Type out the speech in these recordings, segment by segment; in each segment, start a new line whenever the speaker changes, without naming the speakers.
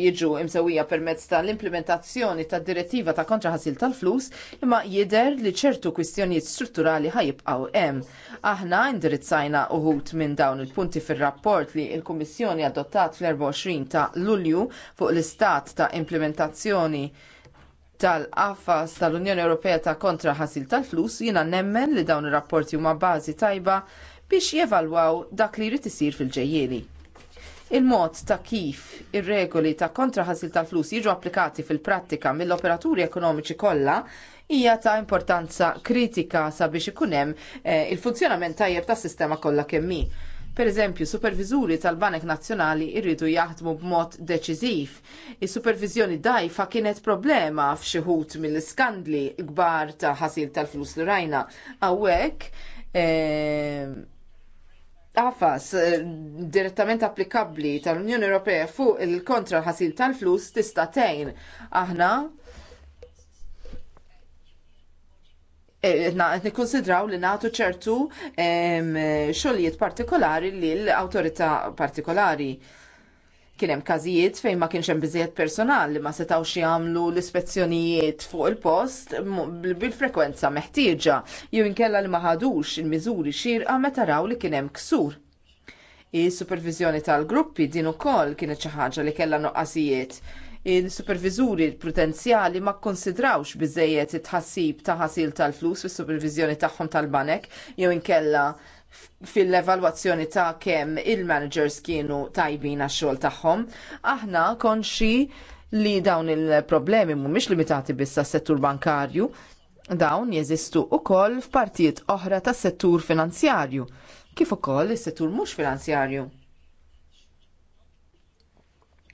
jiġu imsewija permezz tal-implementazzjoni tad direttiva ta' kontra ħasil tal-flus imma jidher li ċertu kwistjonijiet strutturali ħajibqgħu hemm. Aħna indirizzajna uħud minn dawn il-punti fir-rapport li l-Kummissjoni adottat fl-24 ta' Lulju fuq l-istat ta' implementazzjoni tal affas tal-Unjoni Ewropea ta' kontra ħasil tal-flus jiena nemmen li dawn ir-rapporti huma bażi tajba biex jevalwaw dak li jrid isir fil-ġejjieni. Il-mod ta' kif ir-regoli ta' kontraħasil tal-flus jiġu applikati fil-prattika mill-operaturi ekonomiċi kollha hija ta' importanza kritika sabiex ikun hemm eh, il-funzjonament tajjeb tas-sistema kollha kemm hi. Pereżempju, superviżuri tal-Banek Nazzjonali jridu jaħdmu b'mod deċiżiv. Is-supervizjoni dajfa kienet problema f'xi ħut mill-iskandli kbar ta' ħasil tal-flus l rajna. Hawnhekk eh, għafas eh, direttament applikabbli tal-Unjoni Ewropea fuq il-kontra ħasil tal-flus tista' tgħin. Aħna eh, Nikkonsidraw li nagħtu ċertu eh, xogħlijiet partikolari lill awtorità partikolari. Kien hemm każijiet fejn ma kienx hemm biżejjed personal li ma setgħux jagħmlu l-ispezzjonijiet fuq il-post bil-frekwenza meħtieġa jew inkella li ma ħadux il-miżuri xierqa meta raw li kien hemm ksur. Is-supervizjoni tal-gruppi din ukoll kienet xi ħaġa li kellha noqqasijiet. Il-superviżuri prudenzjali ma kkonsidrawx biżżejjed it-ħassib ta' ħasil tal-flus fis-supervizjoni tagħhom tal-banek jew inkella fil-evalwazzjoni ta' kemm il-managers kienu tajbin għax-xogħol tagħhom, aħna konxi li dawn il-problemi mhumiex limitati biss għas-settur bankarju, dawn jeżistu wkoll f'partijiet oħra tas-settur finanzjarju, kif ukoll is-settur mhux finanzjarju.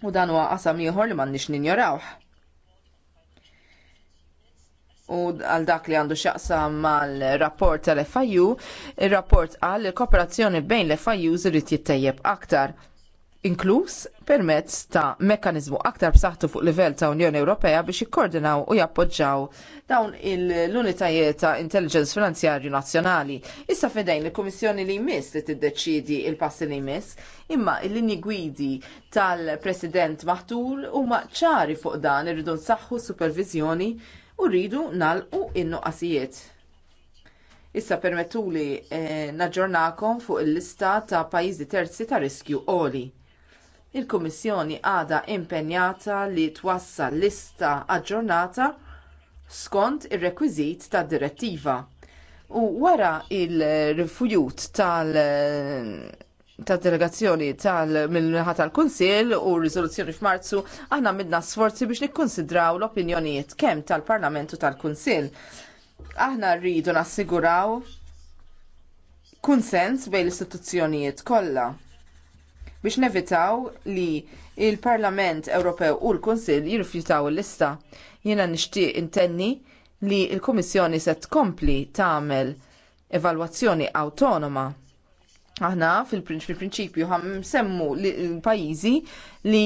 U dan huwa qasam ieħor li m'għandniex ninjorawh u għal dak li għandu xaqsa mal-rapport tal-FIU, il-rapport għal l kooperazzjoni bejn l-FIU zirrit jittajjeb aktar inkluż permezz ta' mekkaniżmu aktar b'saħħtu fuq livell ta' Unjoni Ewropea biex jikkoordinaw u jappoġġaw dawn l-unitajiet ta' intelligence finanzjarju nazzjonali. Issa fedejn il-Kummissjoni li jmiss li tiddeċidi il-passi li jmiss, imma l-linji gwidi tal-President Maħtul huma ċari fuq dan irridu nsaħħu supervizjoni u rridu nagħlqu in-nuqqasijiet. Issa permettuli eh, naġġornakom fuq il-lista ta' pajjiżi terzi ta' riskju għoli. Il-Kummissjoni għadha impenjata li twassal lista aġġornata skont ir-rekwiżit tad direttiva. U wara il-rifujut tal- ta' delegazzjoni tal mill tal-Kunsil u riżoluzzjoni f'Marzu aħna midna sforzi biex nikkonsidraw l-opinjonijiet kemm tal-Parlamentu tal-Kunsil. Aħna rridu nassiguraw kunsens bejn l-istituzzjonijiet kollha biex nevitaw li l parlament Ewropew u l-Kunsil jirrifjutaw il-lista. Jiena nixtieq intenni li l-Kummissjoni se tkompli tagħmel evalwazzjoni awtonoma aħna fil-prinċipju ħam semmu l-pajizi li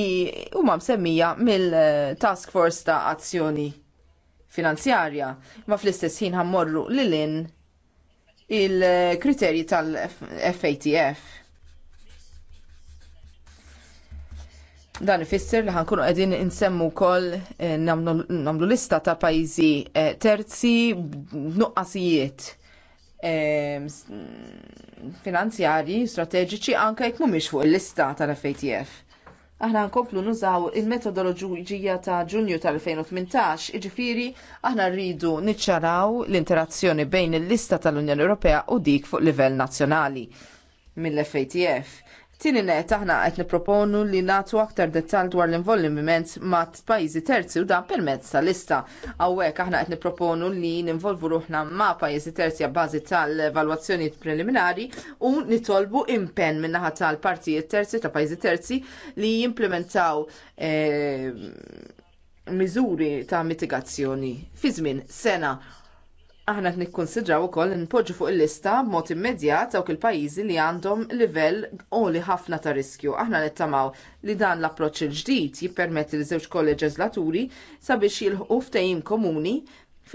huma msemmija mill-Task Force ta' Azzjoni Finanzjarja, ma fl-istess ħin ħammorru lil-in il-kriterji tal-FATF. Dan ifisser li ħankunu qegħdin insemmu wkoll eh, namlu nagħmlu lista ta' pajjiżi eh, terzi b'nuqqasijiet finanzjarji strateġiċi anke jekk mhumiex fuq il-lista tal-FATF. Aħna nkomplu nużaw il-metodoloġija ta' Ġunju tal-2018, iġifieri aħna rridu niċċaraw l-interazzjoni bejn il-lista tal-Unjoni Ewropea u dik fuq livell nazzjonali mill-FATF Tieni net aħna qed nipproponu li nagħtu aktar dettal dwar l-involviment ma' pajzi terzi u dan permezz tal-lista. Għawek, aħna qed nipproponu li ninvolvu ruħna ma' pajjiżi terzi għabbazi tal-evalwazzjoni preliminari u nitolbu impenn min-naħa tal-partijiet terzi ta' pajjiżi terzi li jimplementaw eh, miżuri ta' mitigazzjoni fi żmien sena Aħna qed nikkonsidraw ukoll npoġġu fuq il-lista b'mod immedjat dawk il-pajjiżi li għandhom livell għoli ħafna ta' riskju. Aħna nittamaw li dan l-approċċ il-ġdid jippermetti li żewġ kolleġislaturi sabiex jilħqu ftehim komuni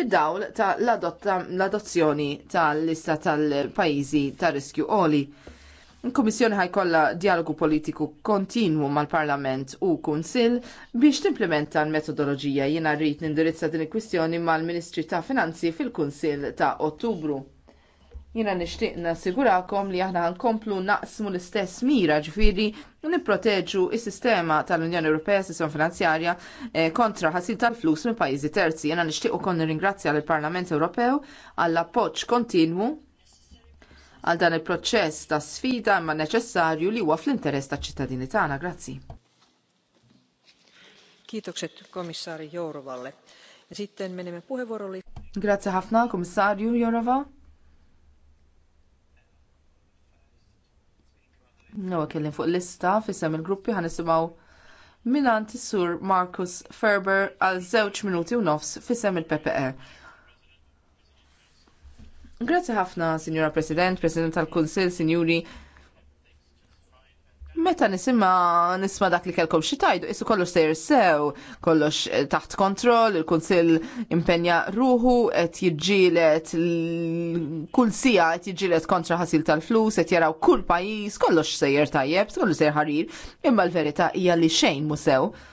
fid-dawl ta' l-adozzjoni tal-lista tal-pajjiżi ta' riskju għoli. Il-Kummissjoni ħajkollha dialogu politiku kontinwu mal-Parlament u Kunsill biex timplementa l-metodoloġija jiena rrid nindirizza din il-kwistjoni mal-Ministri ta' Finanzi fil kunsil ta' Ottubru. Jiena nixtieq nassigurakom li aħna nkomplu naqsmu l-istess mira ġifieri nipproteġu il sistema tal-Unjoni Ewropea sistema finanzjarja eh, kontra ħasil tal-flus minn pajjiżi terzi. Jiena nixtieq ukoll nirringrazzja lill-Parlament Ewropew għall-appoġġ kontinwu għal dan il-proċess ta' sfida imma neċessarju li huwa fl-interess taċ-ċittadini tagħna. Grazzi.
Kiitokset komissari Jourovalle. Sitten menemme puheenvuorolle.
Grazie ħafna, komissarju Jorova. No, kellin fuq lista fissem il-gruppi ħanisimaw minant sur Marcus Ferber għal żewġ minuti u nofs fissem il-PPE. Grazzi ħafna, Signora President, President tal-Kunsil, Sinjuri. Meta nisimma' nisma dak li kelkom xi tajdu, issu kollox se sew, kollox eh, taħt kontroll, il-kunsill impenja ruħu, qed jiġġielet kull sija qed jiġilet kontra ħasil tal-flus, qed jaraw kull pajjiż, kollox sejjer tajjeb, kollox sejjer ħarir, imma l-verità hija li xejn musew. sew.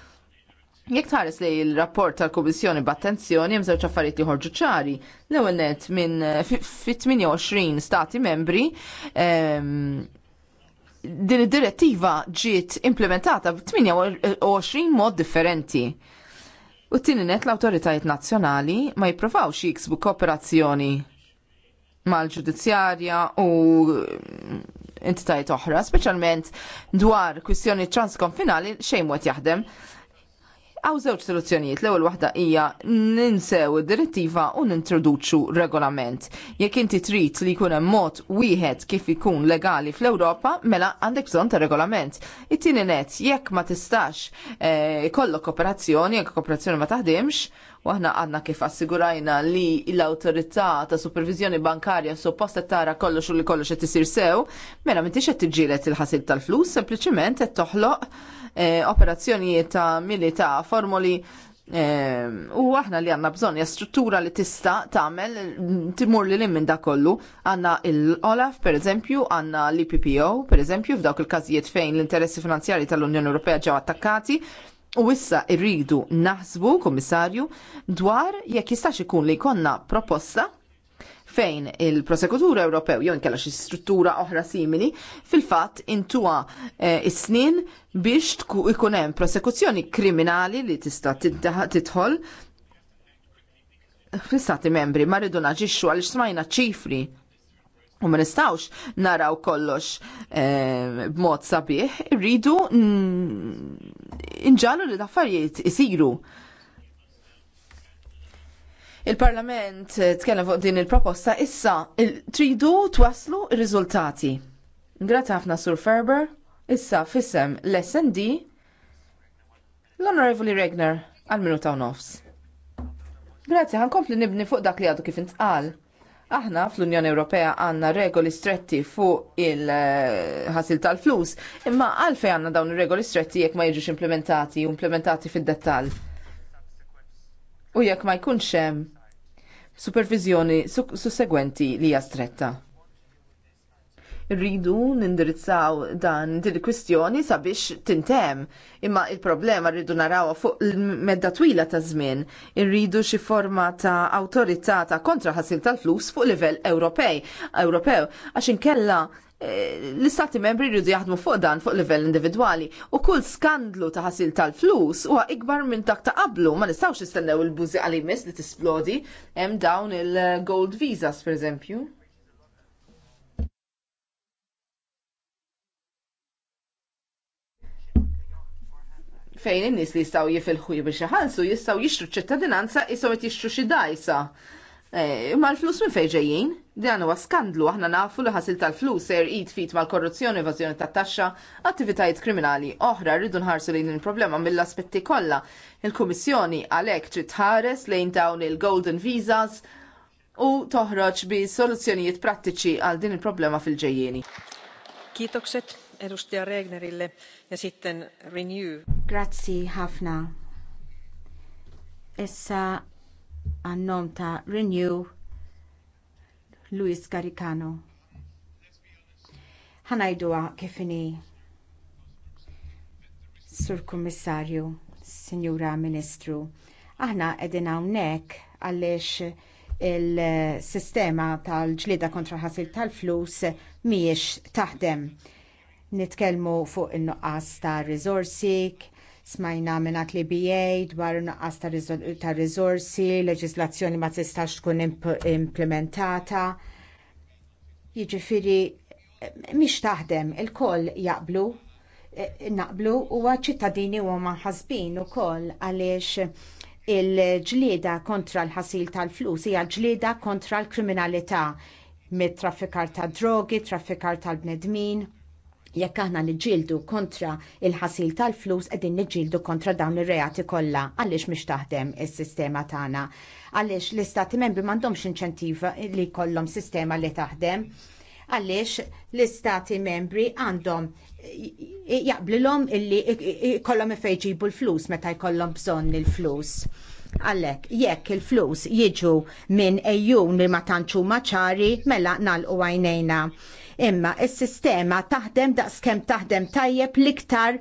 Jek taris li il-rapport tal-Komissjoni b'attenzjoni hemm żewġ affarijiet li ħorġu ċari. L-ewwel net minn fit-28 stati membri ehm, din id-direttiva ġiet implementata b'28 mod differenti. U t-tieni net l-awtoritajiet nazzjonali ma jippruvawx jiksbu kooperazzjoni mal-ġudizzjarja u entitajiet oħra, speċjalment dwar kwistjoni transkonfinali xejn mod jaħdem. Għaw żewġ soluzzjonijiet, l-ewwel waħda hija ninsew id-direttiva u nintroduċu regolament. Jekk inti trid li jkun hemm mod wieħed kif ikun legali fl-Ewropa, mela għandek bżonn ta' regolament. It-tieni net jekk ma tistax ikollok eh, kooperazzjoni, jekk kooperazzjoni ma taħdimx, u aħna għadna kif assigurajna li l-autorità ta' supervizjoni bankarja supposta tara kollox u li kollox qed isir sew, mela m'intix qed tiġġieled il-ħasib tal-flus, sempliċiment qed toħloq eh, operazzjonijiet ta' milita formuli eh, u aħna li għanna bżon struttura li tista tamel timur li minn da kollu għanna il-Olaf per eżempju għanna l-IPPO per eżempju f'dawk il-kazijiet fejn l-interessi finanzjari tal-Unjoni Ewropea ġew attakkati U issa irridu naħsbu, komissarju, dwar jekk jistax ikun li jkollna proposta fejn il-prosekutur Ewropew jew inkella xi struttura oħra simili fil-fatt intuha eh, is-snin biex ikun hemm prosekuzzjoni kriminali li tista' tidħol fl-istati membri ma rridu naġixxu għaliex smajna ċifri U ma nistawx naraw kollox eh, b'mod sabiħ, rridu inġallu li daffarijiet isiru. Il-Parlament tkellem fuq din il-proposta issa tridu twaslu r-riżultati. Grazzi ħafna Sur Ferber, issa fissem l-SND l-Onorevoli Regner għal minuta u nofs. Grazzi ħankompli nibni fuq dak li għadu kif intqal Aħna fl-Unjoni Ewropea għandna regoli stretti fuq il-ħasil tal-flus, imma għalfej għandna dawn ir regoli stretti jekk ma jiġux implementati u implementati fid-dettall. U jekk ma jkunx hemm supervizjoni sussegwenti li hija stretta rridu nindirizzaw dan din il-kwistjoni sabiex tintem. Imma il-problema rridu narawha fuq il-medda twila ta' żmien. Irridu xi forma ta' awtorità ta' kontraħasil tal-flus fuq livell Ewropej. Ewropew għax inkella eh, l-istati membri rridu jaħdmu fuq dan fuq livell individwali u kull skandlu ta' ħasil tal-flus huwa ikbar minn dak ta' qablu ma nistgħux nistennew il-bużi għal li tisplodi hemm dawn il-gold visas pereżempju. fejn in-nies li jistgħu jifilħu biex iħallsu jistgħu jixtru ċittadinanza isom qed jixtru xi dajsa. Eh, imma l-flus minn fejn ġejjin? Dan huwa skandlu aħna nafu li ħasil tal-flus ser id fit mal-korruzzjoni, evażjoni tat-taxxa, attivitajiet kriminali oħra rridu nħarsu lejn il-problema mill-aspetti kollha. Il-Kummissjoni għalhekk trid tħares lejn dawn il-Golden Visas u toħroġ bi soluzzjonijiet prattiċi għal din il-problema fil-ġejjieni.
Kitokset erustia Regnerille ja sitten Renew. Grazzi ħafna.
Issa għannom ta' Renew Luis Garicano. Ħanajduha kif inhi. Sur Kummissarju, Sinjura Ministru, aħna qegħdin hawnhekk għaliex il-sistema tal-ġlieda kontra ħasil tal-flus mhijiex taħdem. Nitkellmu fuq in-nuqqas ta' riżorsi, Smajna minnat li BA dwar nuqqas ta' rizorsi, leġislazzjoni ma tistax tkun implementata. Jiġifieri mhix taħdem, il-koll jaqblu e, naqblu huwa ċittadini huma ħasbin ukoll għaliex il-ġlieda kontra l-ħasil tal-flus hija ġlieda kontra l-kriminalità mit-traffikar ta' drogi, traffikar tal-bnedmin. Jekk aħna niġġieldu kontra il-ħasil tal-flus qegħdin niġġieldu kontra dawn ir-reati kollha għaliex mhix taħdem is-sistema tagħna. Għaliex l-istati membri m'għandhomx inċentiv li jkollhom sistema li taħdem għaliex l-istati membri għandhom jaqblilhom illi jkollhom ifejġibu l-flus meta jkollhom bżonn il-flus. Għalek, jekk il-flus jiġu minn ejjun li ma tantxu maċari mela nalqu għajnejna. Imma s sistema taħdem daqskemm taħdem tajjeb l-iktar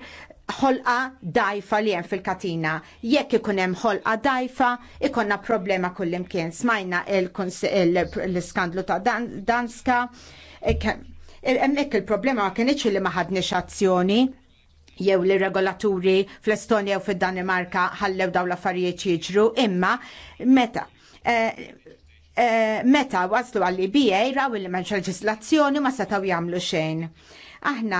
ħolqa dajfa li hemm fil-katina. Jekk ikun hemm ħolqa dajfa, ikonna problema kullimkien. Smajna l-iskandlu ta' Danska. E e- hemmhekk il-problema ma kienx li ma ħadniex azzjoni jew li regolaturi fl-Estonja u fid-Danimarka ħallew dawn l-affarijiet jiġru, imma meta e, Eh, meta waslu għalli iba raw li menx leġislazzjoni ma setaw jagħmlu xejn. Aħna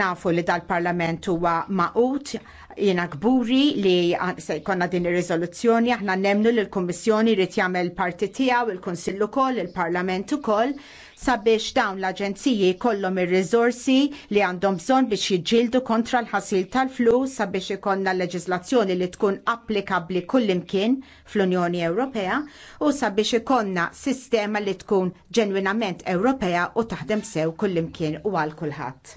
nafu li dal-parlament huwa maqut jiena kburi li se jkollna din ir-riżoluzzjoni aħna nemnu li l-Kummissjoni jrid jagħmel parti tiegħu, il-Kunsill ukoll, il-Parlament ukoll sabiex dawn l-aġenziji kollom ir-riżorsi li għandhom bżonn biex jiġġieldu kontra l-ħasil tal-flus sabiex ikollna leġislazzjoni li tkun applikabbli kullimkien fl-Unjoni Ewropea u sabiex ikollna sistema li tkun ġenwinament Ewropea u taħdem sew kullimkien u għal kulħadd.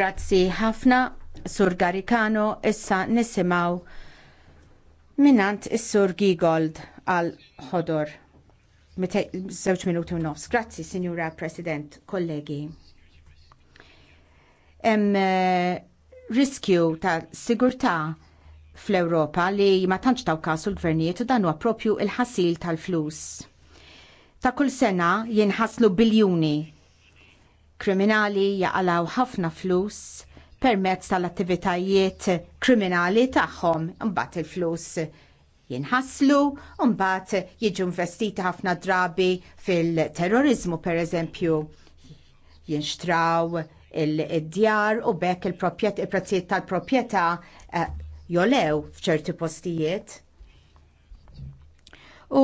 Grazzi ħafna, Sur Garicano, issa nisimaw minant is-Sur Gigold għal ħodor. Zewċ minuti u nofs. Grazzi, Signora President, kollegi. Em, eh, riskju ta' sigurta' fl-Ewropa li ma tantx taw kasu l-gvernijiet u dan huwa propju il-ħasil tal-flus. Ta' kull sena jinħaslu biljuni. Kriminali jaqalaw ħafna flus permezz tal-attivitajiet kriminali tagħhom imbagħad il-flus jinħaslu, mbagħad jiġu investiti ħafna drabi fil-terrorizmu pereżempju jinxtraw il-djar u bekk il-prezzijiet tal-proprjetà eh, jolew f'ċerti postijiet. U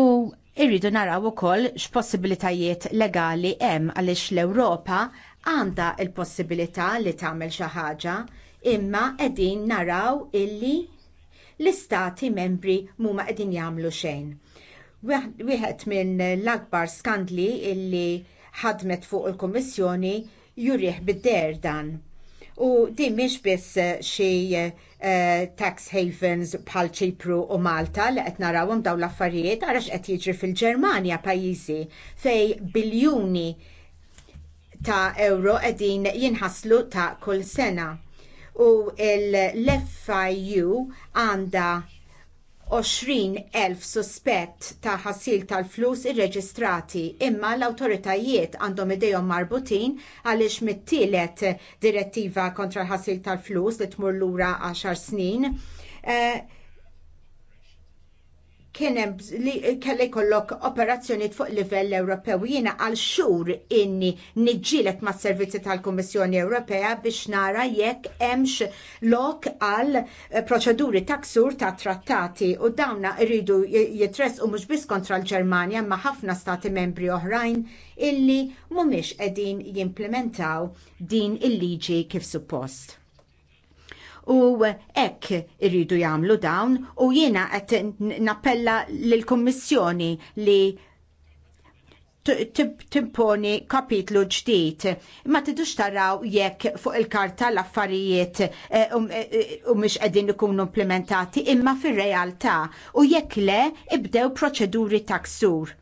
irridu naraw ukoll x'possibilitajiet legali hemm għaliex l-Ewropa għandha l possibilità li tagħmel xi ħaġa, imma qegħdin naraw illi l-istati membri mhuma qegħdin jagħmlu xejn. Wieħed minn l-akbar skandli illi ħadmet fuq il-Kummissjoni jurih bid-der dan. U din mhix biss eh, xi eh, tax havens bħal ċipru u Malta li qed narawhom dawn l-affarijiet għaliex qed jiġri fil-Ġermanja pajjiżi fejn biljuni ta' euro qegħdin jinħaslu ta' kull sena u l-FIU għandha 20,000 suspett ta' ħassil tal-flus irreġistrati imma l-awtoritajiet għandhom idejhom marbutin għaliex mit-tielet direttiva kontra l-ħassil tal-flus li tmur lura għaxar snin. Eh, kien hemm li kelli jkollok operazzjoni fuq livell Ewropew jiena għal xhur inni niġġielet mas servizzi tal-Kummissjoni Ewropea biex nara jekk hemmx lok għal proċeduri ta' ksur ta' trattati u dawna rridu jitress u mhux biss kontra l-Ġermanja ma' ħafna stati membri oħrajn illi mhumiex qegħdin jimplementaw din il-liġi kif suppost u ekk irridu jagħmlu dawn u jiena qed nappella lill-Kummissjoni li timponi kapitlu ġdid. Ma tidux taraw jekk fuq il-karta l-affarijiet eh, u eh, mhux qegħdin ikunu implementati imma fir-realtà u jekk le ibdew proċeduri taksur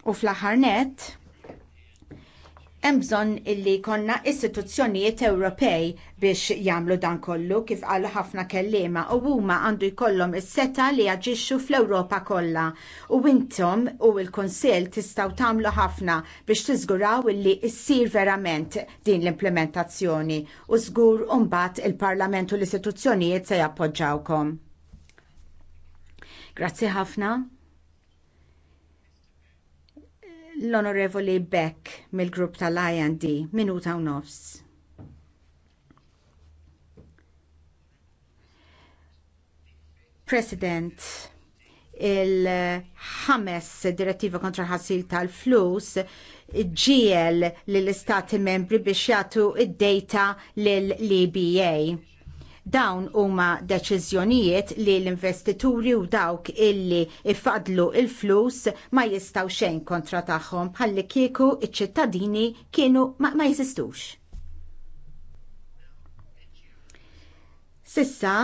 U fl-aħħar nett, Hemm bżonn illi jkollna istituzzjonijiet Ewropej biex jagħmlu dan kollu kif qal ħafna kelliema u huma għandu jkollhom is-seta li jaġixxu fl-Ewropa kollha. U intom u l-Kunsill tistgħu tagħmlu ħafna biex tiżguraw illi ssir verament din l-implementazzjoni u żgur u mbagħad il-Parlament u l-istituzzjonijiet se jappoġġawkom. Grazzi ħafna l-Onorevoli Beck mill-grupp tal-IND minuta u nofs. President, il-ħames direttiva kontra ħasil tal-flus ġiel lill istati membri biex jagħtu id-data lill-EBA Dawn huma deċiżjonijiet li l-investituri u dawk illi ifadlu il-flus ma jistaw xejn kontra tagħhom bħalli kieku iċ-ċittadini kienu ma, ma jeżistux. Sissa,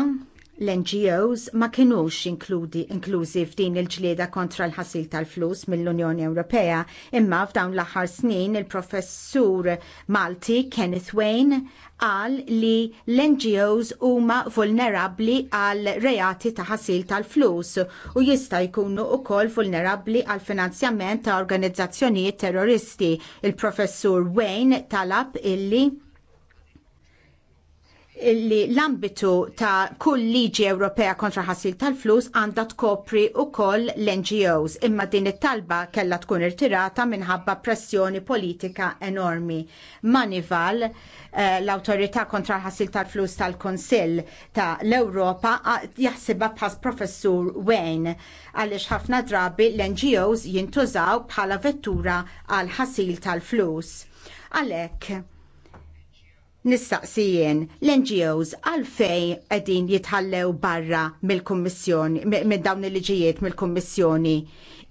l-NGOs ma kinux inklużi f'din il-ġlieda kontra l-ħasil tal-flus mill-Unjoni Ewropea, imma f'dawn l-aħħar snin il-professur Malti Kenneth Wayne qal li l-NGOs huma vulnerabbli għal reati ta' ħasil tal-flus u jista' jkunu wkoll vulnerabbli għal finanzjament ta' organizzazzjonijiet terroristi. Il-professur Wayne talab illi li l-ambitu ta' kull liġi Ewropea kontra ħassil tal-flus għandha tkopri wkoll l-NGOs imma din it-talba kellha tkun irtirata minħabba pressjoni politika enormi. Manival eh, l-autorità kontra ħassil tal-flus tal konsil ta' l-Ewropa jaħsibha bħas professur Wayne għaliex ħafna drabi l-NGOs jintużaw bħala vettura għal ħassil tal-flus. Għalhekk nistaqsijien l-NGOs għalfej qegħdin jitħallew barra mill-Kummissjoni minn dawn il-liġijiet mill-Kummissjoni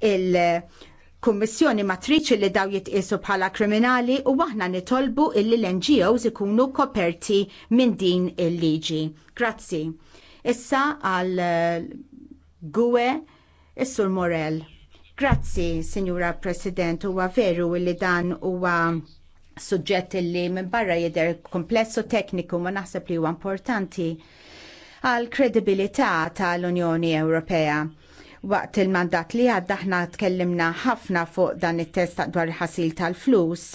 il-Kummissjoni matriċi li daw jitqisu bħala kriminali u aħna nitolbu illi l-NGOs ikunu koperti minn din il-liġi. Grazzi. Issa għal eh, Gwe Issur Morel. Grazzi, Signora President, huwa veru li dan huwa suġġett li minn barra jidher komplesso tekniku ma naħseb li huwa importanti għal kredibilità tal-Unjoni Ewropea. Waqt il-mandat li għadda ħna tkellimna ħafna fuq dan it-test dwar il-ħasil tal-flus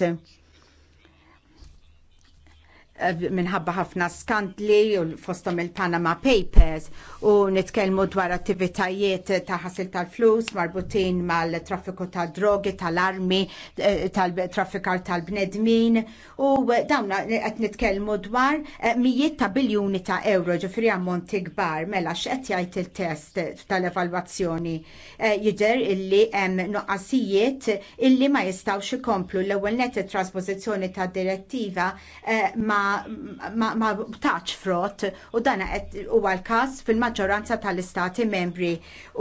Eh, minħabba ħafna skandli u fostom il-Panama Papers u nitkellmu dwar attivitajiet ta' ħasil tal-flus marbutin mal-traffiku tal drogi, tal-armi, eh, tal-traffikar tal-bnedmin u dawna qed nitkellmu dwar eh, mijiet ta' biljuni ta' euro ġifri ammonti kbar mela x'qed jgħid il-test tal-evalwazzjoni jidher illi hemm nuqqasijiet illi ma jistgħux ikomplu l-ewwel net it-trasposizzjoni tad direttiva ma ma taċ frott u dan għed huwa l-każ fil-maġġoranza tal-istati membri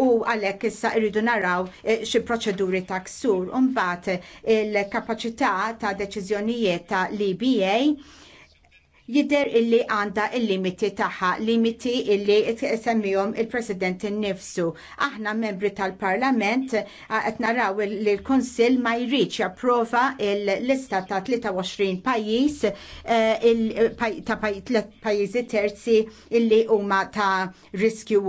u għalhekk issa rridu naraw eh, xi proċeduri ta' ksur u mbagħad il-kapaċità ta' deċiżjonijiet ta' l-EBA jidher illi għandha il-limiti tagħha, limiti illi semmijom il-President innifsu. Aħna membri tal-Parlament qed naraw li l-Kunsill ma jridx japprova l-lista ta' 23 pajjiż e, ta' pajjiżi terzi illi huma ta' riskju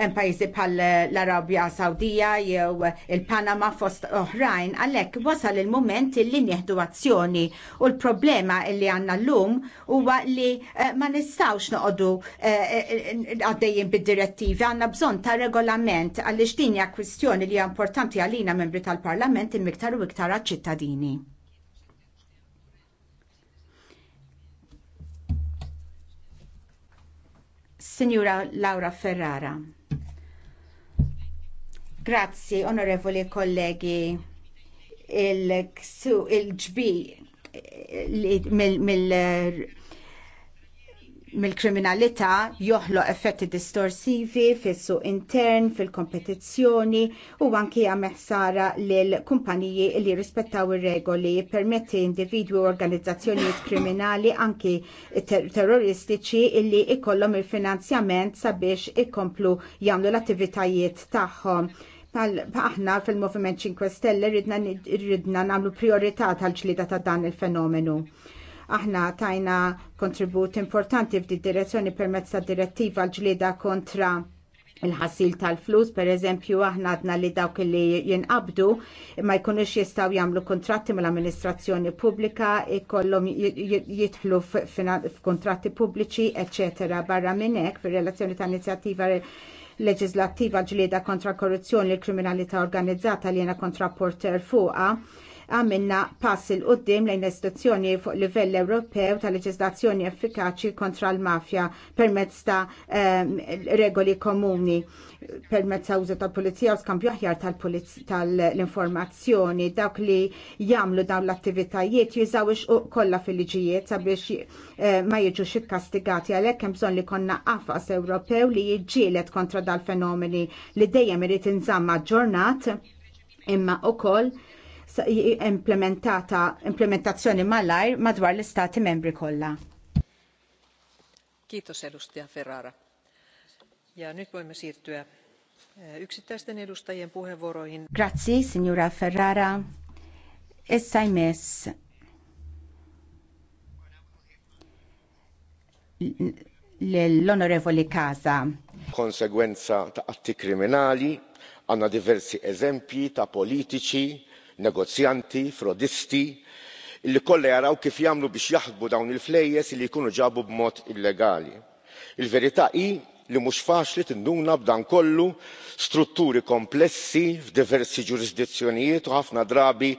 hemm pajjiżi bħal l-Arabja Sawdija jew il-Panama fost oħrajn, għalhekk wasal il-mument li nieħdu azzjoni u l-problema li għandna llum huwa li eh, ma nistgħux noqogħdu eh, eh, għaddejjin bid-direttivi, għandna bżonn ta' regolament għaliex din hija kwistjoni li hija importanti għalina membri tal-Parlament il-miktar u iktar għaċ-ċittadini. Signora Laura Ferrara. Grazzi, onorevoli kollegi. Il-ksu, il-ġbi mill kriminalità joħloq effetti distorsivi fis-suq intern, fil-kompetizzjoni u anki għam sara lil kumpaniji li rispettaw ir-regoli jippermetti individwi u organizzazzjonijiet kriminali anki ter terroristiċi illi ikollom il-finanzjament sabiex ikomplu jagħmlu l-attivitajiet tagħhom Aħna fil-Movement 5 Stelle ridna nagħmlu priorità tal-ġlida ta' dan il-fenomenu aħna tajna kontribut importanti f'di direzzjoni permezz ta' direttiva l-ġlieda kontra il-ħassil tal-flus, per eżempju, aħna għadna li dawk li jinqabdu ma jkunux jistaw jamlu kontratti mill-amministrazzjoni pubblika, ikollom jitħlu f'kontratti pubbliċi, eccetera, barra minnek fir relazzjoni ta' inizjattiva leġislattiva ġlieda kontra korruzzjoni l kriminalità organizzata li jena kontra porter fuqa għamilna pass il qoddim lejn istituzzjoni fuq livell Ewropew ta' leġislazzjoni effikaċi kontra l-mafja permezz ta' ehm, regoli komuni permezz ta' użu tal-pulizija u skambju aħjar tal-informazzjoni dawk li jagħmlu dawn l-attivitajiet jużaw ix kollha fil-liġijiet sabiex eh, ma jiġux ikkastigati għalhekk hemm bżonn li konna qafas Ewropew li jiġġieled kontra dal-fenomeni li dejjem irid inżamm ġurnat imma wkoll implementata implementazzjoni mal malajr madwar l-istati membri kollha.
Kiitos edustaja Ferrara. Ja nyt voimme siirtyä eh, yksittäisten edustajien puheenvuoroihin.
Grazie, signora Ferrara. Essa imes. l Casa.
Konsegwenza ta' atti kriminali, għanna diversi eżempji ta' politiċi negozjanti frodisti li kollha jaraw kif jagħmlu biex jaħbu dawn il-flejjes li jkunu ġabu b'mod illegali. il verità hi li mhux faċli tinduna b'dan kollu strutturi komplessi f'diversi ġurisdizzjonijiet u ħafna drabi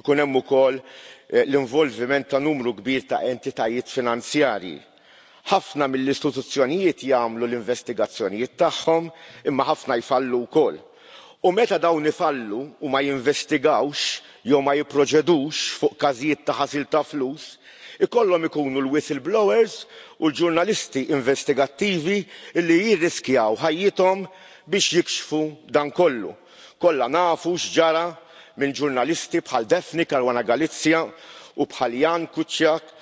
jkun hemm ukoll eh, l-involviment ta' numru kbir ta' entitajiet finanzjarji. ħafna mill-istituzzjonijiet jagħmlu l-investigazzjonijiet tagħhom imma ħafna jfallu wkoll u meta dawn ifallu u ma jinvestigawx jew ma jipproċedux fuq każijiet ta' ħasil ta' flus ikollhom ikunu l whistleblowers u l-ġurnalisti investigattivi li jirriskjaw ħajjithom biex jikxfu dan kollu. kollha nafu x'ġara minn ġurnalisti bħal daphne caruana galizia u bħal jn kuciak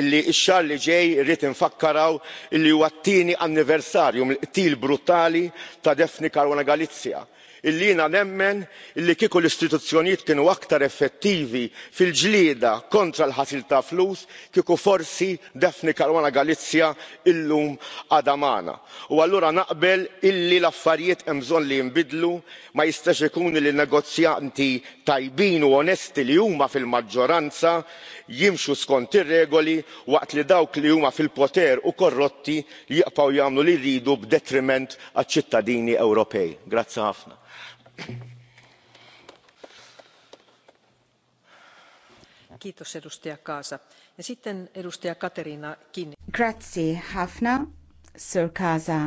illi x-xahar li ġej rrid infakkaraw li huwa t-tieni anniversarju mill-qtil brutali ta' daphne caruana galizia illi jiena nemmen li kieku l-istituzzjonijiet kienu aktar effettivi fil ġlieda kontra l ħasil ta' flus kieku forsi daphne caruana galizia illum għadha magħna u allura naqbel illi l-affarijiet hemm bżonn li jinbidlu ma jistax ikun li n-negozjanti tajbin u onesti li huma fil-maġġoranza jimxu skont ir-regoli waqt li dawk li huma fil-poter u korrotti jibqgħu jagħmlu li jridu b'detriment għaċ-ċittadini ewropej. grazzi ħafna
sitten
Grazie Hafna, Sir Casa.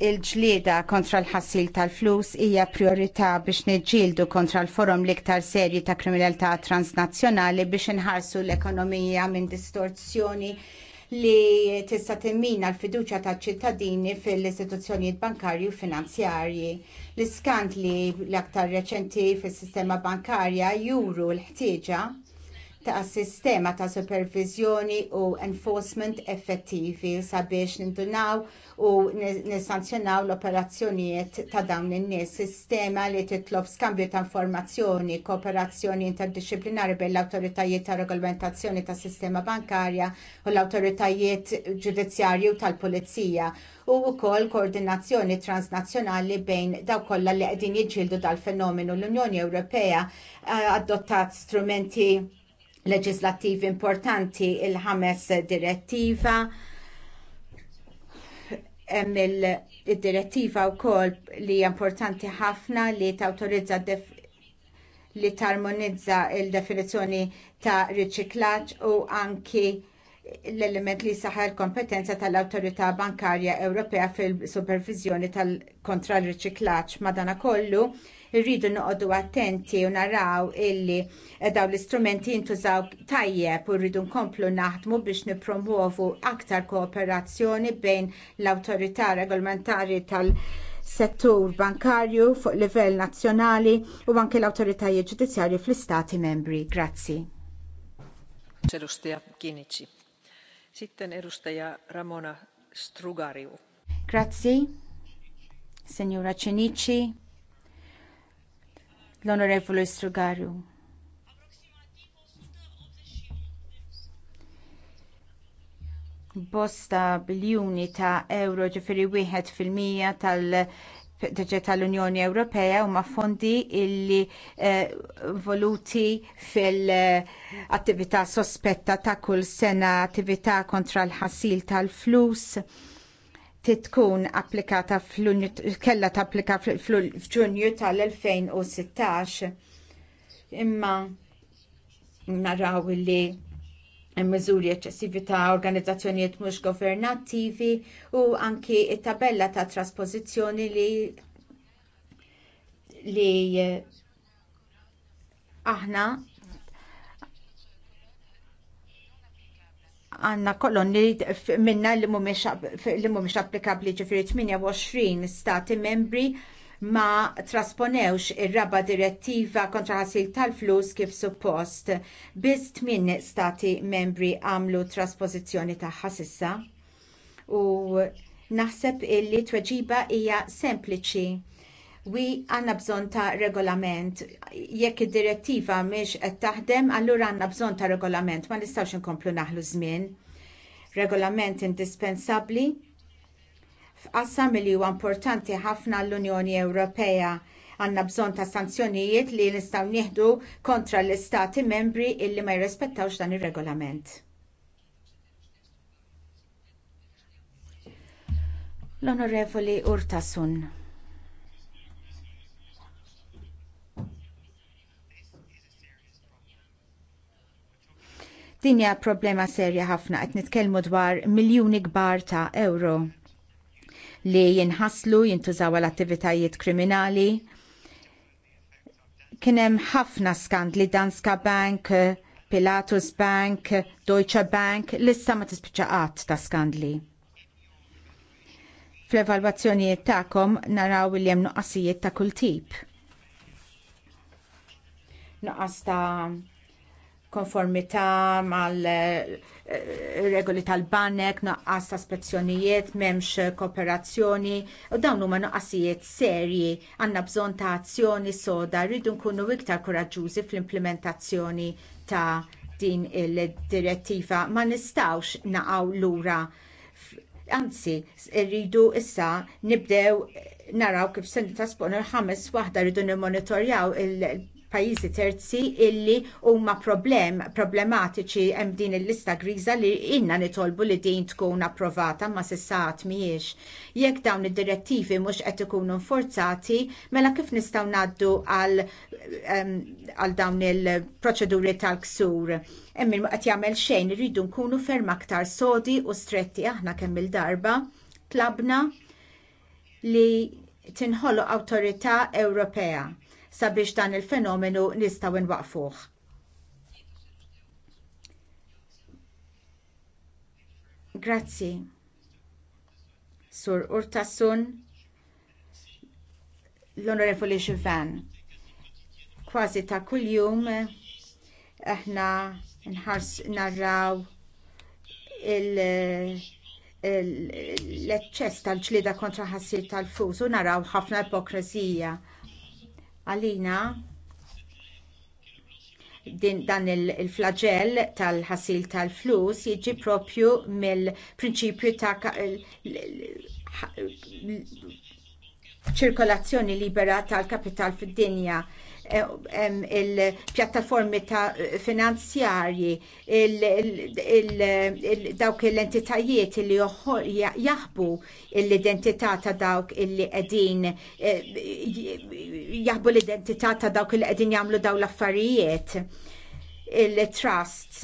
il-ġlieda kontra l-ħassil tal-flus hija priorità biex niġġieldu kontra l-forum l-iktar serji ta' kriminalità transnazzjonali biex inħarsu l-ekonomija minn distorzjoni li tista' timmina l-fiduċja tal-ċittadini fil-istituzzjonijiet bankarji u finanzjarji. l iskantli l-aktar reċenti fis-sistema bankarja juru l-ħtieġa ta' sistema ta' superviżjoni u enforcement effettivi sabiex nindunaw u nissanzjonaw l-operazzjonijiet ta' dawn in-nies. Sistema li titlob skambju ta' informazzjoni, kooperazzjoni interdixxiplinari bejn l-awtoritajiet ta' regolamentazzjoni tas sistema bankarja u l-awtoritajiet ġudizzjarji u tal-pulizija u wkoll koordinazzjoni transnazzjonali bejn dawk kollha li qegħdin jiġġieldu dal-fenomenu l-Unjoni Ewropea eh, adottat strumenti leġislattiv importanti il-ħames direttiva hemm il-direttiva wkoll li hija importanti ħafna li tawtorizza li tarmonizza l definizzjoni ta' riċiklaġġ u anki l-element li saħa l-kompetenza tal-Awtorità Bankarja Ewropea fil-supervizjoni tal-kontra l-riċiklaġġ madanakollu irridu noqogħdu attenti u naraw illi daw l-istrumenti jintużaw tajjeb u rridu nkomplu naħdmu biex nippromuovu aktar kooperazzjoni bejn l-awtorità regolamentari tal- settur bankarju fuq livell nazzjonali u anke l-awtoritajiet ġudizzjarji fl-istati membri. Grazzi.
Sitten edustaja Ramona Strugariu.
Signora Strugariu. Bosta biljuni ta' euro ġifiri wieħed fil-mija tal- deġet tal-Unjoni Ewropea huma fondi illi eh, voluti fil-attività sospetta ta' kull sena attività kontra l-ħassil tal-flus titkun applikata kella tapplika f'Ġunju tal-2016 imma naraw li miżuri eċċessivi ta' organizzazzjonijiet mhux governattivi u anki t tabella ta' traspożizzjoni li li eh, aħna għanna li minna li mumiex applikabli ġifiri 28 stati membri ma trasponewx ir-raba direttiva kontra ħasil tal-flus kif suppost. Biss tmien stati membri għamlu traspożizzjoni tagħha sissa. U naħseb illi tweġiba hija sempliċi wi għanna bżon ta' regolament. Jekk id-direttiva mhix qed taħdem, allura għanna bżon ta' regolament, ma nistgħux inkomplu naħlu żmien. Regolament indispensabbli f'qassam li huwa importanti ħafna għall-Unjoni Ewropea għandna bżonn ta' sanzjonijiet li nistgħu nieħdu kontra l-istati membri illi ma jirrispettawx dan ir-regolament. L-Onorevoli Urtasun. Din hija problema serja ħafna qed nitkellmu dwar miljuni kbar ta' euro li jinħaslu jintużaw għal attivitajiet kriminali. Kien hemm ħafna skandli Danska Bank, Pilatus Bank, Deutsche Bank, lissa ma tispiċaqat ta' skandli fl-evalwazzjonijiet tagħkom naraw li hemm nuqqasijiet ta' kull tip. Nuqqas ta' konformità mal eh, eh, regoli tal-banek, naqqas ta' spezzjonijiet, memx kooperazzjoni, u dawn huma naqqasijiet serji, għandna bżonn ta' azzjoni soda, rridu nkunu iktar koraġġużi fl-implementazzjoni ta' din il-direttiva. Ma nistawx naqaw lura. Anzi, rridu issa nibdew naraw kif se nitasponu l-ħames waħda rridu nimmonitorjaw il- pajjiżi terzi illi huma problem problematiċi hemm din il-lista griża li inna nitolbu li din tkun approvata ma sissat mhijiex. Jekk dawn id-direttivi mhux qed ikunu nforzati, mela kif nistgħu ngħaddu għal għal dawn il-proċeduri tal-ksur. Hemm qed jagħmel xejn irridu nkunu ferm aktar sodi u stretti aħna kemm il-darba tlabna li tinħoloq awtorità Ewropea sabiex dan il-fenomenu nistgħu nwaqfuh. Grazzi. Sur Urtasun, l-Onorevoli Xivan. Kważi ta' kuljum aħna nħars narraw l-eċċess tal-ġlida kontra ħassir tal fus u naraw ħafna ipokresija Għalina dan il-flagell il flagell tal tal-flus jiġi propju mill-prinċipju ta' ċirkolazzjoni libera tal-kapital fid-dinja il-pjattaformi ta' finanzjarji, dawk l-entitajiet li jaħbu l-identità ta' dawk li qegħdin eh, jaħbu l-identità ta' dawk li qegħdin jagħmlu dawn l-affarijiet il-trusts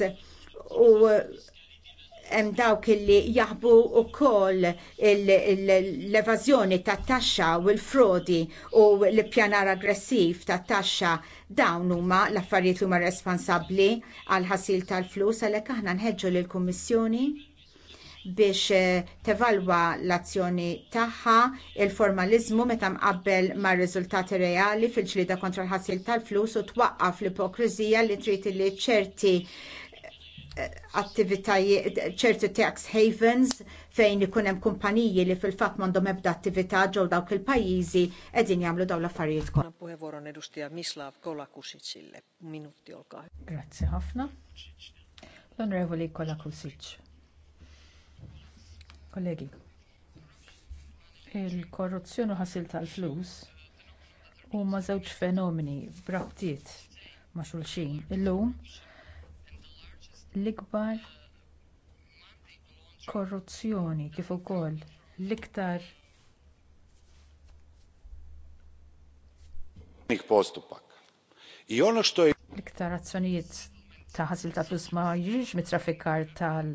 u hemm dawk illi jaħbu wkoll l-evażjoni tat-taxxa u l-frodi u l-ippjanar aggressiv tat-taxxa dawn huma l-affarijiet huma responsabbli għal ħasil tal-flus għalhekk aħna nħeġġu lill kummissjoni biex eh, tevalwa l-azzjoni tagħha il-formaliżmu meta mqabbel mar riżultati reali fil-ġlieda kontra l-ħasil tal-flus u twaqqaf l-ipokriżija li trid li ċerti attivitajiet ċertu tax havens fejn ikun hemm kumpaniji li fil-fatt m'għandhom ebda attività ġew dawk il-pajjiżi qegħdin jagħmlu dawn l-affarijiet kollha.
Minuti olka. Grazzi ħafna.
L-Onorevoli Kolakusic. Kollegi, il-korruzzjoni u ħasil tal-flus huma żewġ fenomeni b'rabtiet ma' xulxin. Illum l-ikbar korruzzjoni kif ukoll l-iktar
l-iktar
azzjonijiet ta' ħasil ta' flus ma jiġux mit-traffikar tal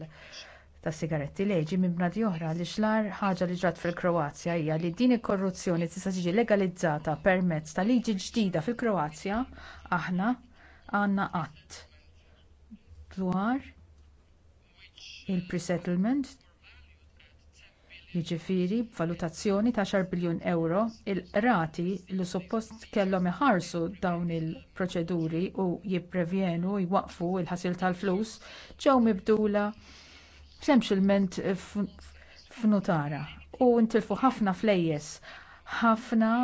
ta' sigaretti leġi minn bnadi oħra li xlar ħaġa li ġrat fil-Kroazja hija li din il-korruzzjoni tista' tiġi legalizzata permezz ta' liġi ġdida fil-Kroazja aħna għandna qatt dwar il-pre-settlement jiġifieri b'valutazzjoni ta' 10 biljun euro il-qrati li suppost kellhom iħarsu dawn il-proċeduri u jipprevjenu jwaqqfu l-ħasil tal-flus ġew mibdula sempliċement f'nutara u ntilfu ħafna flejjes ħafna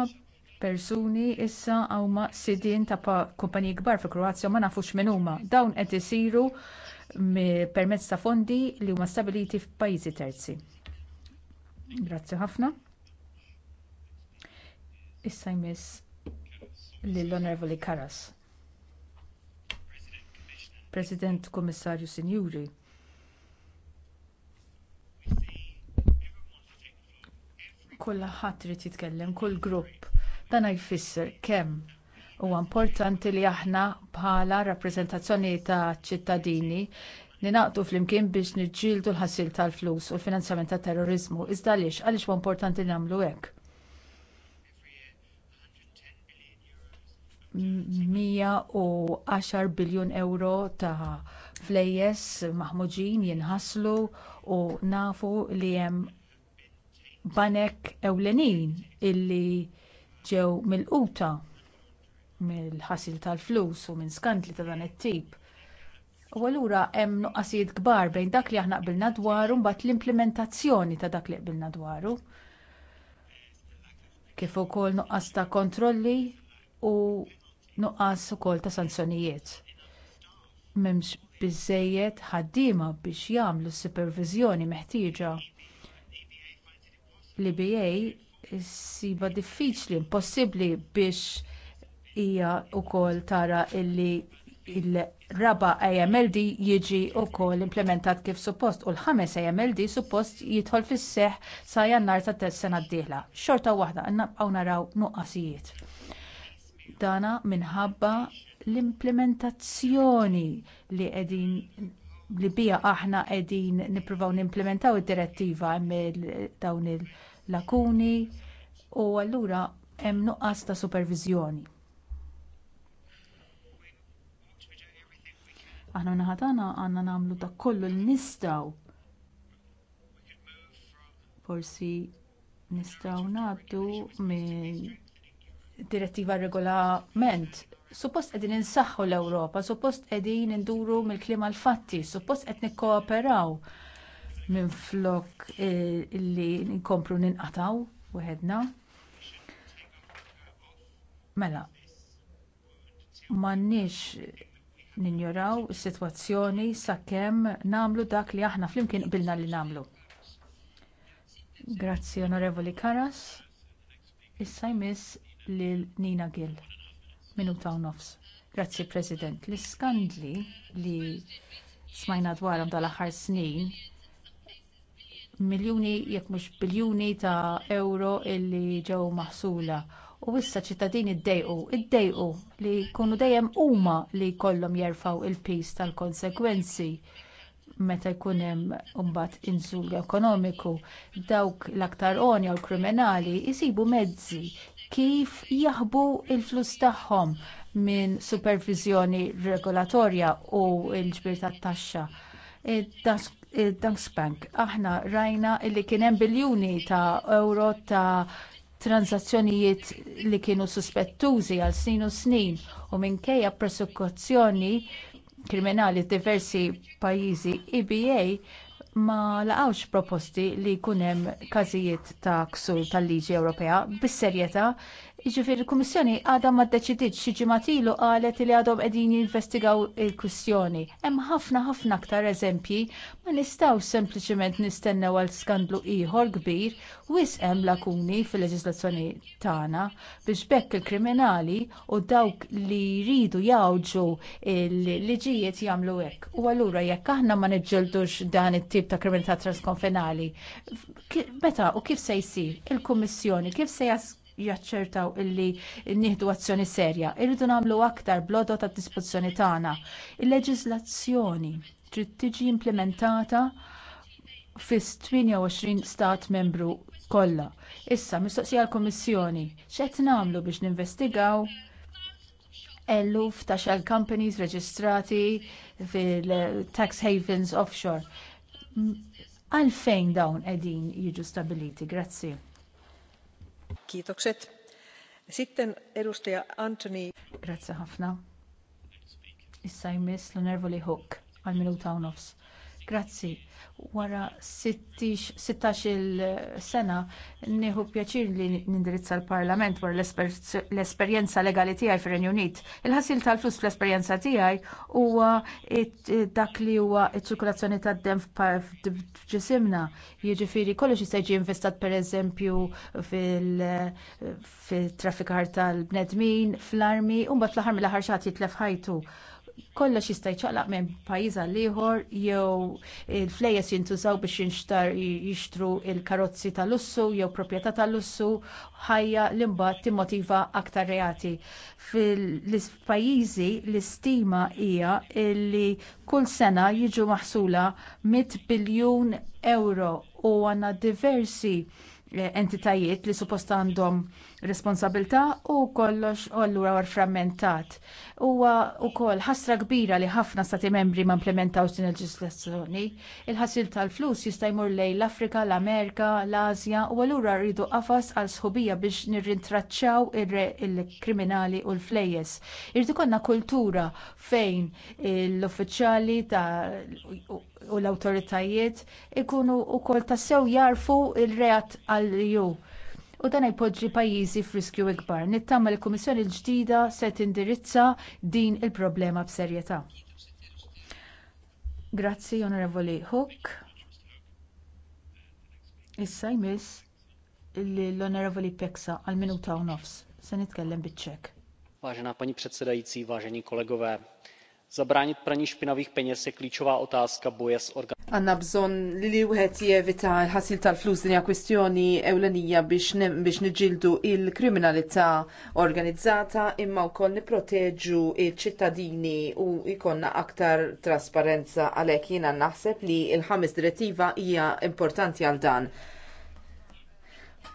persuni issa huma sidin ta' kumpaniji kbar fi Kroazja ma nafux minn huma. Dawn qed isiru permezz ta' fondi li huma stabiliti f'pajjiżi terzi. Grazzi ħafna. Issa jmiss lill-Onorevoli Karas. President Kummissarju Sinjuri. Kulla ħadd irid jitkellem, kull grupp Dan jfisser kemm huwa importanti li aħna bħala rappreżentazzjoni ta' ċittadini ninaqdu flimkien biex niġġieldu l-ħassil tal-flus u l-finanzjament tat terrorizmu. Iżda għaliex għaliex huwa importanti nagħmlu hekk. 110 biljun euro ta' flejjes maħmuġin jinħaslu u nafu li hemm banek ewlenin illi ġew milquta mill-ħasil tal-flus u minn skandli ta' dan it-tip. U allura hemm nuqqasijiet kbar bejn dak li aħna qbilna dwaru mbagħad l-implementazzjoni ta' dak li qbilna dwaru. Kif ukoll nuqqas ta' kontrolli u nuqqas ukoll ta' sanzjonijiet. M'hemmx biżżejjed ħaddiema biex jagħmlu s-superviżjoni meħtieġa. L-EBA siba diffiċli, impossibbli biex hija wkoll tara illi il-raba AMLD jiġi wkoll implementat kif suppost u l-ħames AMLD suppost jidħol fis seħħ sa jannar ta' sena d-dieħla. Xorta waħda nabqgħu naraw nuqqasijiet. Dana minħabba l-implementazzjoni li qegħdin li bija aħna qegħdin nippruvaw nimplementaw id-direttiva mill dawn il- lakuni u allura hemm nuqqas ta' superviżjoni. Aħna naħa għandna nagħmlu ta' kollu li nistgħu. Forsi nistgħu ngħaddu minn direttiva regolament suppost qegħdin insaħħu l-Ewropa, suppost qegħdin induru mill-kliem għal fatti, suppost qed nikkooperaw minflok eh, illi nkomplu ninqataw weħedna. Mela, m'għandniex ninjoraw is-sitwazzjoni sakemm nagħmlu dak li aħna flimkien bilna li nagħmlu. Grazzi Onorevoli Karas. Issa jmiss lil Nina Gill. Minuta u nofs. Grazzi President. L-iskandli li smajna dwarhom dal-aħħar snin miljuni jekk mhux biljuni ta' euro illi ġew maħsula. U issa ċittadini ddejqu, iddejqu li jkunu dejjem huma li jkollhom jerfgħu il-pis tal-konsekwenzi meta jkun hemm imbagħad inżul ekonomiku, dawk l-aktar onja u kriminali jsibu mezzi kif jaħbu l flus tagħhom minn superviżjoni regolatorja u l-ġbir tat-taxxa il-Dunks Bank. Aħna rajna li kien hemm biljuni ta' euro ta' transazzjonijiet li kienu suspettużi għal snin u snin u minkejja prosekuzzjoni kriminali diversi pajjiżi EBA ma laqgħux proposti li jkun hemm każijiet ta' ksur tal-liġi Ewropea bis-serjetà ġifir il kummissjoni għadha ma ddeċidiġ xi ġimatilu qalet li għadhom qegħdin jinvestigaw il-kwistjoni. Hemm ħafna ħafna aktar eżempji ma nistgħu sempliċement nistennew għal skandlu ieħor kbir wisq hemm lakuni fil-leġislazzjoni tagħna biex bekk il-kriminali u dawk li jridu jawġu l-liġijiet jagħmlu hekk. U allura jekk aħna ma niġġeldux dan it-tip ta' kriminalità transkonfenali, meta u kif se jsir il-Kummissjoni kif se jas jaċċertaw illi nieħdu azzjoni serja. Irridu nagħmlu aktar blodo ta' disposizzjoni tagħna. Il-leġiżlazzjoni trid tiġi implementata fi 28 stat membru kollha. Issa mistoqsija l-Kummissjoni x'qed nagħmlu biex ninvestigaw eluf ta' shell companies reġistrati fil-tax havens offshore. Għalfejn dawn qegħdin jiġu stabiliti? Grazzi. Kiitokset. Grazie ħafna. Issa jmiss l-onervoli Hook għal minuta Grazzi. Wara 16-il sena nieħu pjaċir li nindirizza l-Parlament wara l-esperjenza legali tiegħi fir-Renju Unit. Il-ħasil tal-flus fl-esperjenza tiegħi huwa dak li huwa ċ-ċirkulazzjoni tad-dem f'ġisimna. Jiġifieri kollox jista' jiġi investat pereżempju fil-traffikar tal-bnedmin, fl-armi, u mbagħad fl-aħħar mill-aħħar xagħti jitlef ħajtu kollox jista' jċaqlaq minn pajjiż għal ieħor jew il-flejjes jintużaw biex jinxtar jixtru il-karozzi tal-lussu jew proprjetà tal-lussu ħajja li mbagħad timmotiva aktar reati. Fil-pajjiżi l-istima hija li kull sena jiġu maħsula 100 biljun euro u għandna diversi eh, entitajiet li suppost għandhom responsabilità u kollox allura war frammentat. Huwa wkoll ħasra kbira li ħafna stati membri ma implementaw din il-leġislazzjoni. Il-ħasil tal-flus jista' jmur lejn l-Afrika, l-Amerika, l-Asja u allura rridu qafas għal sħubija biex nirrintraċċaw il-kriminali u l-flejjes. Irridu konna kultura fejn l-uffiċjali u l-awtoritajiet ikunu wkoll tassew jarfu il-reat għal-ju u dan jpoġġi pajjiżi f'riskju ikbar. Nittama l-Kummissjoni l-ġdida se tindirizza din il-problema b'serjetà. Grazzi, Onorevoli Hook. Issa jmiss l-Onorevoli Peksa għal minuta u nofs. Se nitkellem bitċek.
ċek Vážená paní předsedající, vážení kolegové, zabránit praní špinavých peněz je klíčová otázka boje s organizovaným
għanna bżon li li wieħed jevita ħasil tal-flus dinja kwistjoni ewlenija biex, nġildu niġildu il-kriminalità organizzata imma koll nipproteġu il-ċittadini u jkollna aktar trasparenza għalhekk jiena naħseb li l ħames direttiva hija importanti għal dan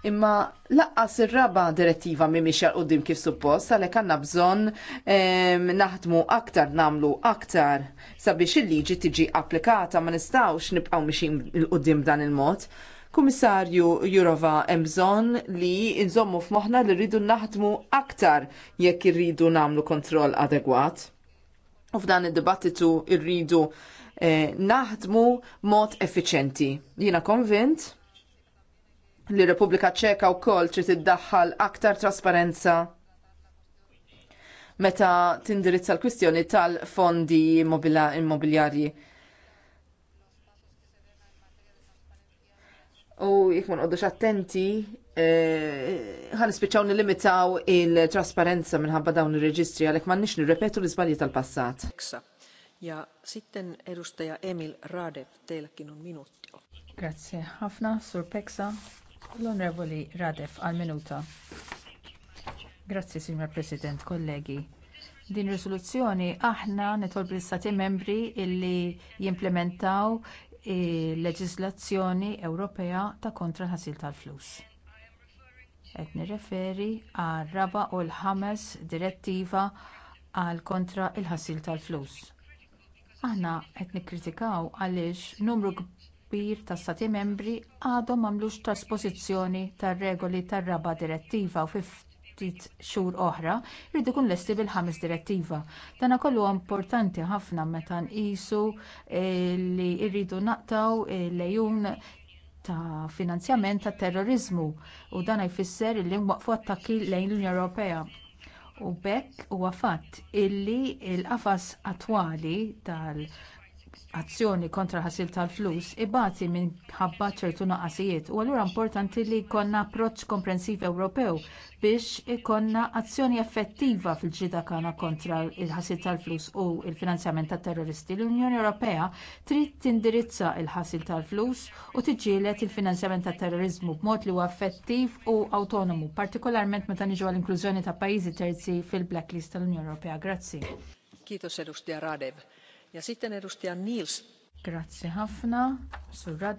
imma laqqas ir-raba direttiva mi mixja l-qoddim kif suppost, għalhekk għandna bżon naħdmu aktar namlu aktar sabiex il-liġi tiġi applikata ma nistawx nibqaw mixin l-qoddim dan il-mod. Kummissarju Jurova hemm bżonn li nżommu f'moħħna li rridu naħdmu aktar jekk irridu namlu kontroll adegwat. U f'dan id-dibattitu rridu eh, naħdmu mod effiċenti. Jiena konvint li Repubblika Ċeka wkoll trid iddaħħal aktar trasparenza meta tindirizza l-kwistjoni tal-fondi immobiljarji. U jekk ma nqoddux attenti, eh, ħan nispiċċaw nilimitaw il-trasparenza minħabba dawn ir-reġistri għalhekk m'għandniex nirrepetu l-iżbalji tal-passat.
Ja sitten erustaja Emil Radev, teilläkin on minuutti.
Grazie ħafna, Sur Peksa. L-Onorevoli Radef għal minuta. Grazzi, Signor President, kollegi. Din risoluzzjoni aħna nitolbu l-Stati membri illi jimplementaw il-leġislazzjoni Ewropea ta' kontra l ħasil tal-flus. Qed nirreferi għal raba u l-ħames direttiva għal kontra il-ħasil tal-flus aħna qed nikkritikaw għaliex numru kbir ta' stati membri għadhom m'għamlux traspożizzjoni tar-regoli tar-raba' direttiva u fi ftit xhur oħra jridu jkun lesti bil-ħames direttiva. Dan kollu importanti ħafna meta nqisu eh, li rridu naqtaw eh, lejun ta' finanzjament tat terrorizmu u dan jfisser li nwaqfu attakki lejn l-Unjoni Ewropea. U b'hekk huwa fatt illi l-qafas attwali tal- azzjoni kontra ħasil tal-flus ibati minħabba ċertu naqasijiet. u allura importanti li jkollna approċċ komprensiv Ewropew biex ikollna azzjoni effettiva fil-ġida tagħna kontra il-ħasil tal-flus u l finanzjament tat terroristi. L-Unjoni Ewropea trid tindirizza l ħasil tal-flus u tiġġieled il-finanzjament tat terrorizmu b'mod li huwa effettiv u awtonomu, partikolarment meta niġu għall-inklużjoni ta' pajjiżi terzi fil-blacklist tal-Unjoni Ewropea. Grazzi.
Kiitos edustaja Radev. Ja sitten edustaja Nils.
Grazzi ħafna, Sur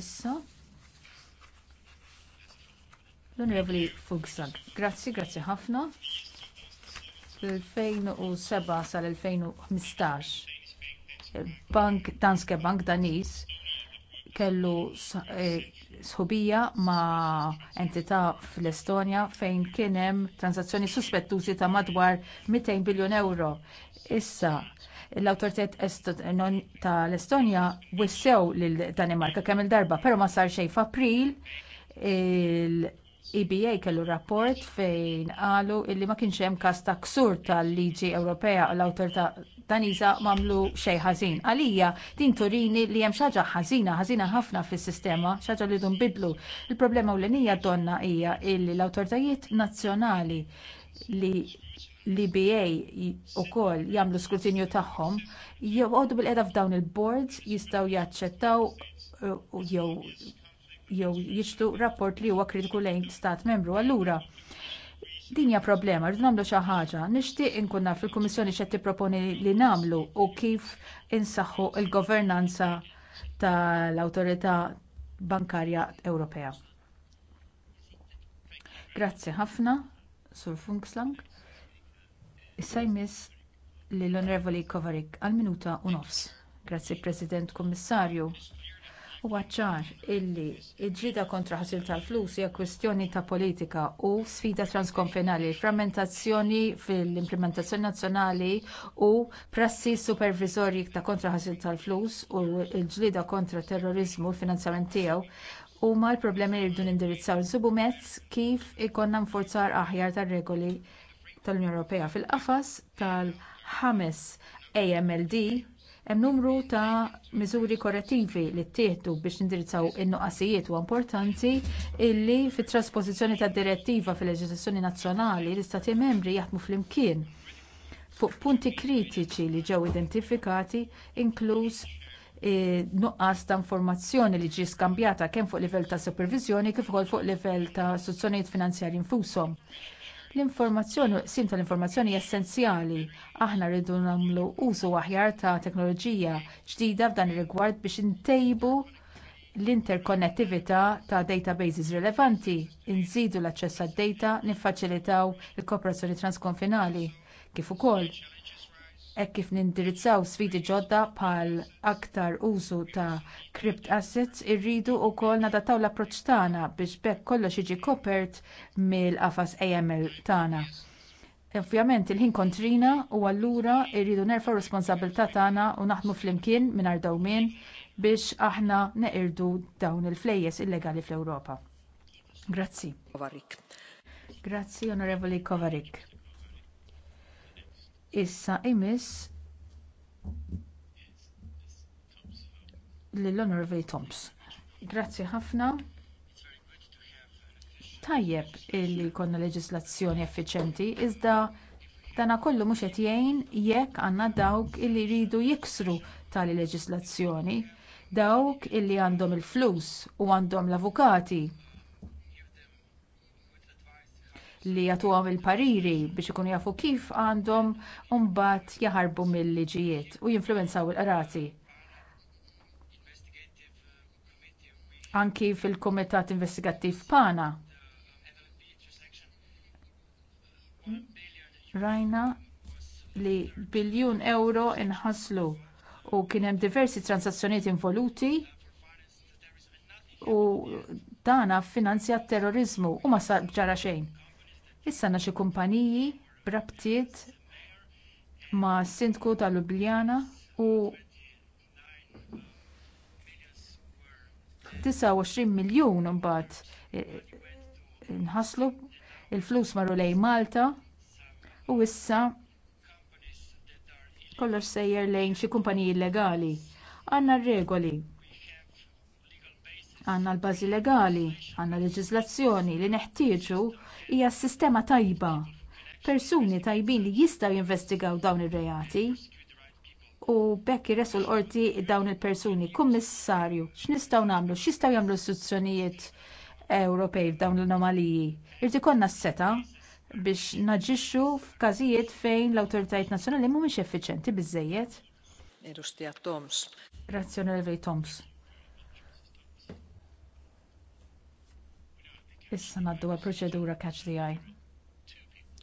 Issa. L-Onorevoli Fugsag. grazie, grazie ħafna. Fil-2007 sal-2015 Bank Danske Bank Danis kellu eh, sħubija ma' entità fl-Estonja fejn kien hemm transazzjoni suspettużi ta' madwar 200 biljun euro. Issa l-awtoritet tal-Estonja wissew lil Danimarka kemm il-darba, però ma sar xejn f'April il-EBA kellu rapport fejn qalu illi ma kienx hemm każ ta' ksur tal-liġi Ewropea u l-awtorità Daniża mamlu xejn ħażin. Għalija din turini li hemm xi ħaġa ħażina, ħażina ħafna fis-sistema, xi ħaġa li dun nbiddlu. Il-problema ewlenija donna hija illi l-awtoritajiet nazzjonali li l-EBA wkoll jagħmlu skrutinju tagħhom, joqogħdu bil-qeda f'dawn il-boards jistgħu jaċċettaw jew jew jiġtu rapport li huwa kritiku lejn stat membru. Allura, din hija problema, rridu nagħmlu xi ħaġa. Nixtieq inkun naf il-Kummissjoni x'qed tipproponi li nagħmlu u kif insaħħu l governanza tal-Awtorità Bankarja Ewropea. Grazzi ħafna, Sur Funkslang. Issa jmiss lill onorevoli Kovarik għal minuta u nofs. Grazzi President Kummissarju. Huwa ċar illi ġlieda kontra ħasil tal-flus hija kwestjoni ta' politika u sfida transkonfinali, frammentazzjoni fil-implementazzjoni nazzjonali u prassi supervisorji ta' kontra ħasil tal-flus u l-ġlieda kontra terrorizmu u finanzjament tiegħu huma l-problemi li rridu nindirizzaw insubu mezz kif ikonna nforzar aħjar tar-regoli tal-Unjoni Ewropea fil-qafas tal-ħames AMLD hemm numru ta' miżuri korrettivi li ttieħdu biex indirizzaw in-nuqqasijiet huwa importanti illi fit-trasposizzjoni tad-direttiva fil-leġiżlazzjoni nazzjonali l-istati membri jaħdmu flimkien fuq punti kritiċi li ġew identifikati inkluż eh, nuqqas ta' informazzjoni li ġie skambjata kemm fuq livell ta' superviżjoni kif ukoll fuq livell ta' istituzzjonijiet finanzjarji infushom. L-informazzjoni, sim tal-informazzjoni essenzjali. Aħna rridu nagħmlu użu aħjar ta' teknoloġija ġdida f'dan ir-rigward biex intejbu l-interkonnettività ta' databases rilevanti, inżidu l-aċċess għad-data, niffaċilitaw il-kooperazzjoni transkonfinali kif ukoll hekk kif nindirizzaw sfidi ġodda bħal aktar użu ta' crypt assets irridu wkoll nadattaw l-approċċ tagħna biex b'hekk kollox jiġi kopert mill-qafas AML tagħna. Ovvjament il-ħin kontrina u allura rridu nerfgħu responsabilità tagħna u naħdmu flimkien mingħajr dawmien biex aħna neqirdu dawn il-flejjes illegali fl-Ewropa. Grazzi. Grazzi, Onorevoli Kovarik issa imiss lill-Honorable Toms. Grazzi ħafna. Tajjeb illi jkollna leġiżlazzjoni effiċjenti iżda dana kollu mhux qed jgħin jekk għandna dawk illi jridu jiksru tali leġiżlazzjoni, dawk illi għandhom il-flus u għandhom l-avukati li għam il-pariri biex ikun jafu kif għandhom mbagħad jaħarbu mill-liġijiet u jinfluwenzaw il-qrati. Anki fil-Kumitat Investigattiv Pana. Rajna li biljun euro inħaslu u kien hemm diversi transazzjonijiet involuti u dan ffinanzja t terrorizmu u ma sar ġara xejn. Issa għandna xi kumpaniji brabtiet ma' sindku ta' Ljubljana u 29 miljun imbagħad eh, nħasslu il-flus marru lejn Malta u issa kollox sejjer lejn xi kumpaniji illegali. Għandna r regoli Għandna l-bażi legali, għandna leġiżlazzjoni li neħtieġu hija s-sistema tajba. Persuni tajbin li jistgħu jinvestigaw dawn ir-reati u bekk iressu l-qorti dawn il-persuni. Kummissarju, x'nistgħu nagħmlu, x'jistgħu jagħmlu istituzzjonijiet Ewropej f'dawn l-anomaliji. Irti konna s-seta biex naġixxu f'każijiet fejn l-awtoritajiet nazzjonali mhumiex effiċjenti biżżejjed.
Irustija Toms.
Grazie Onorevoli Toms. Issa ngħaddu għal proċedura catch the eye.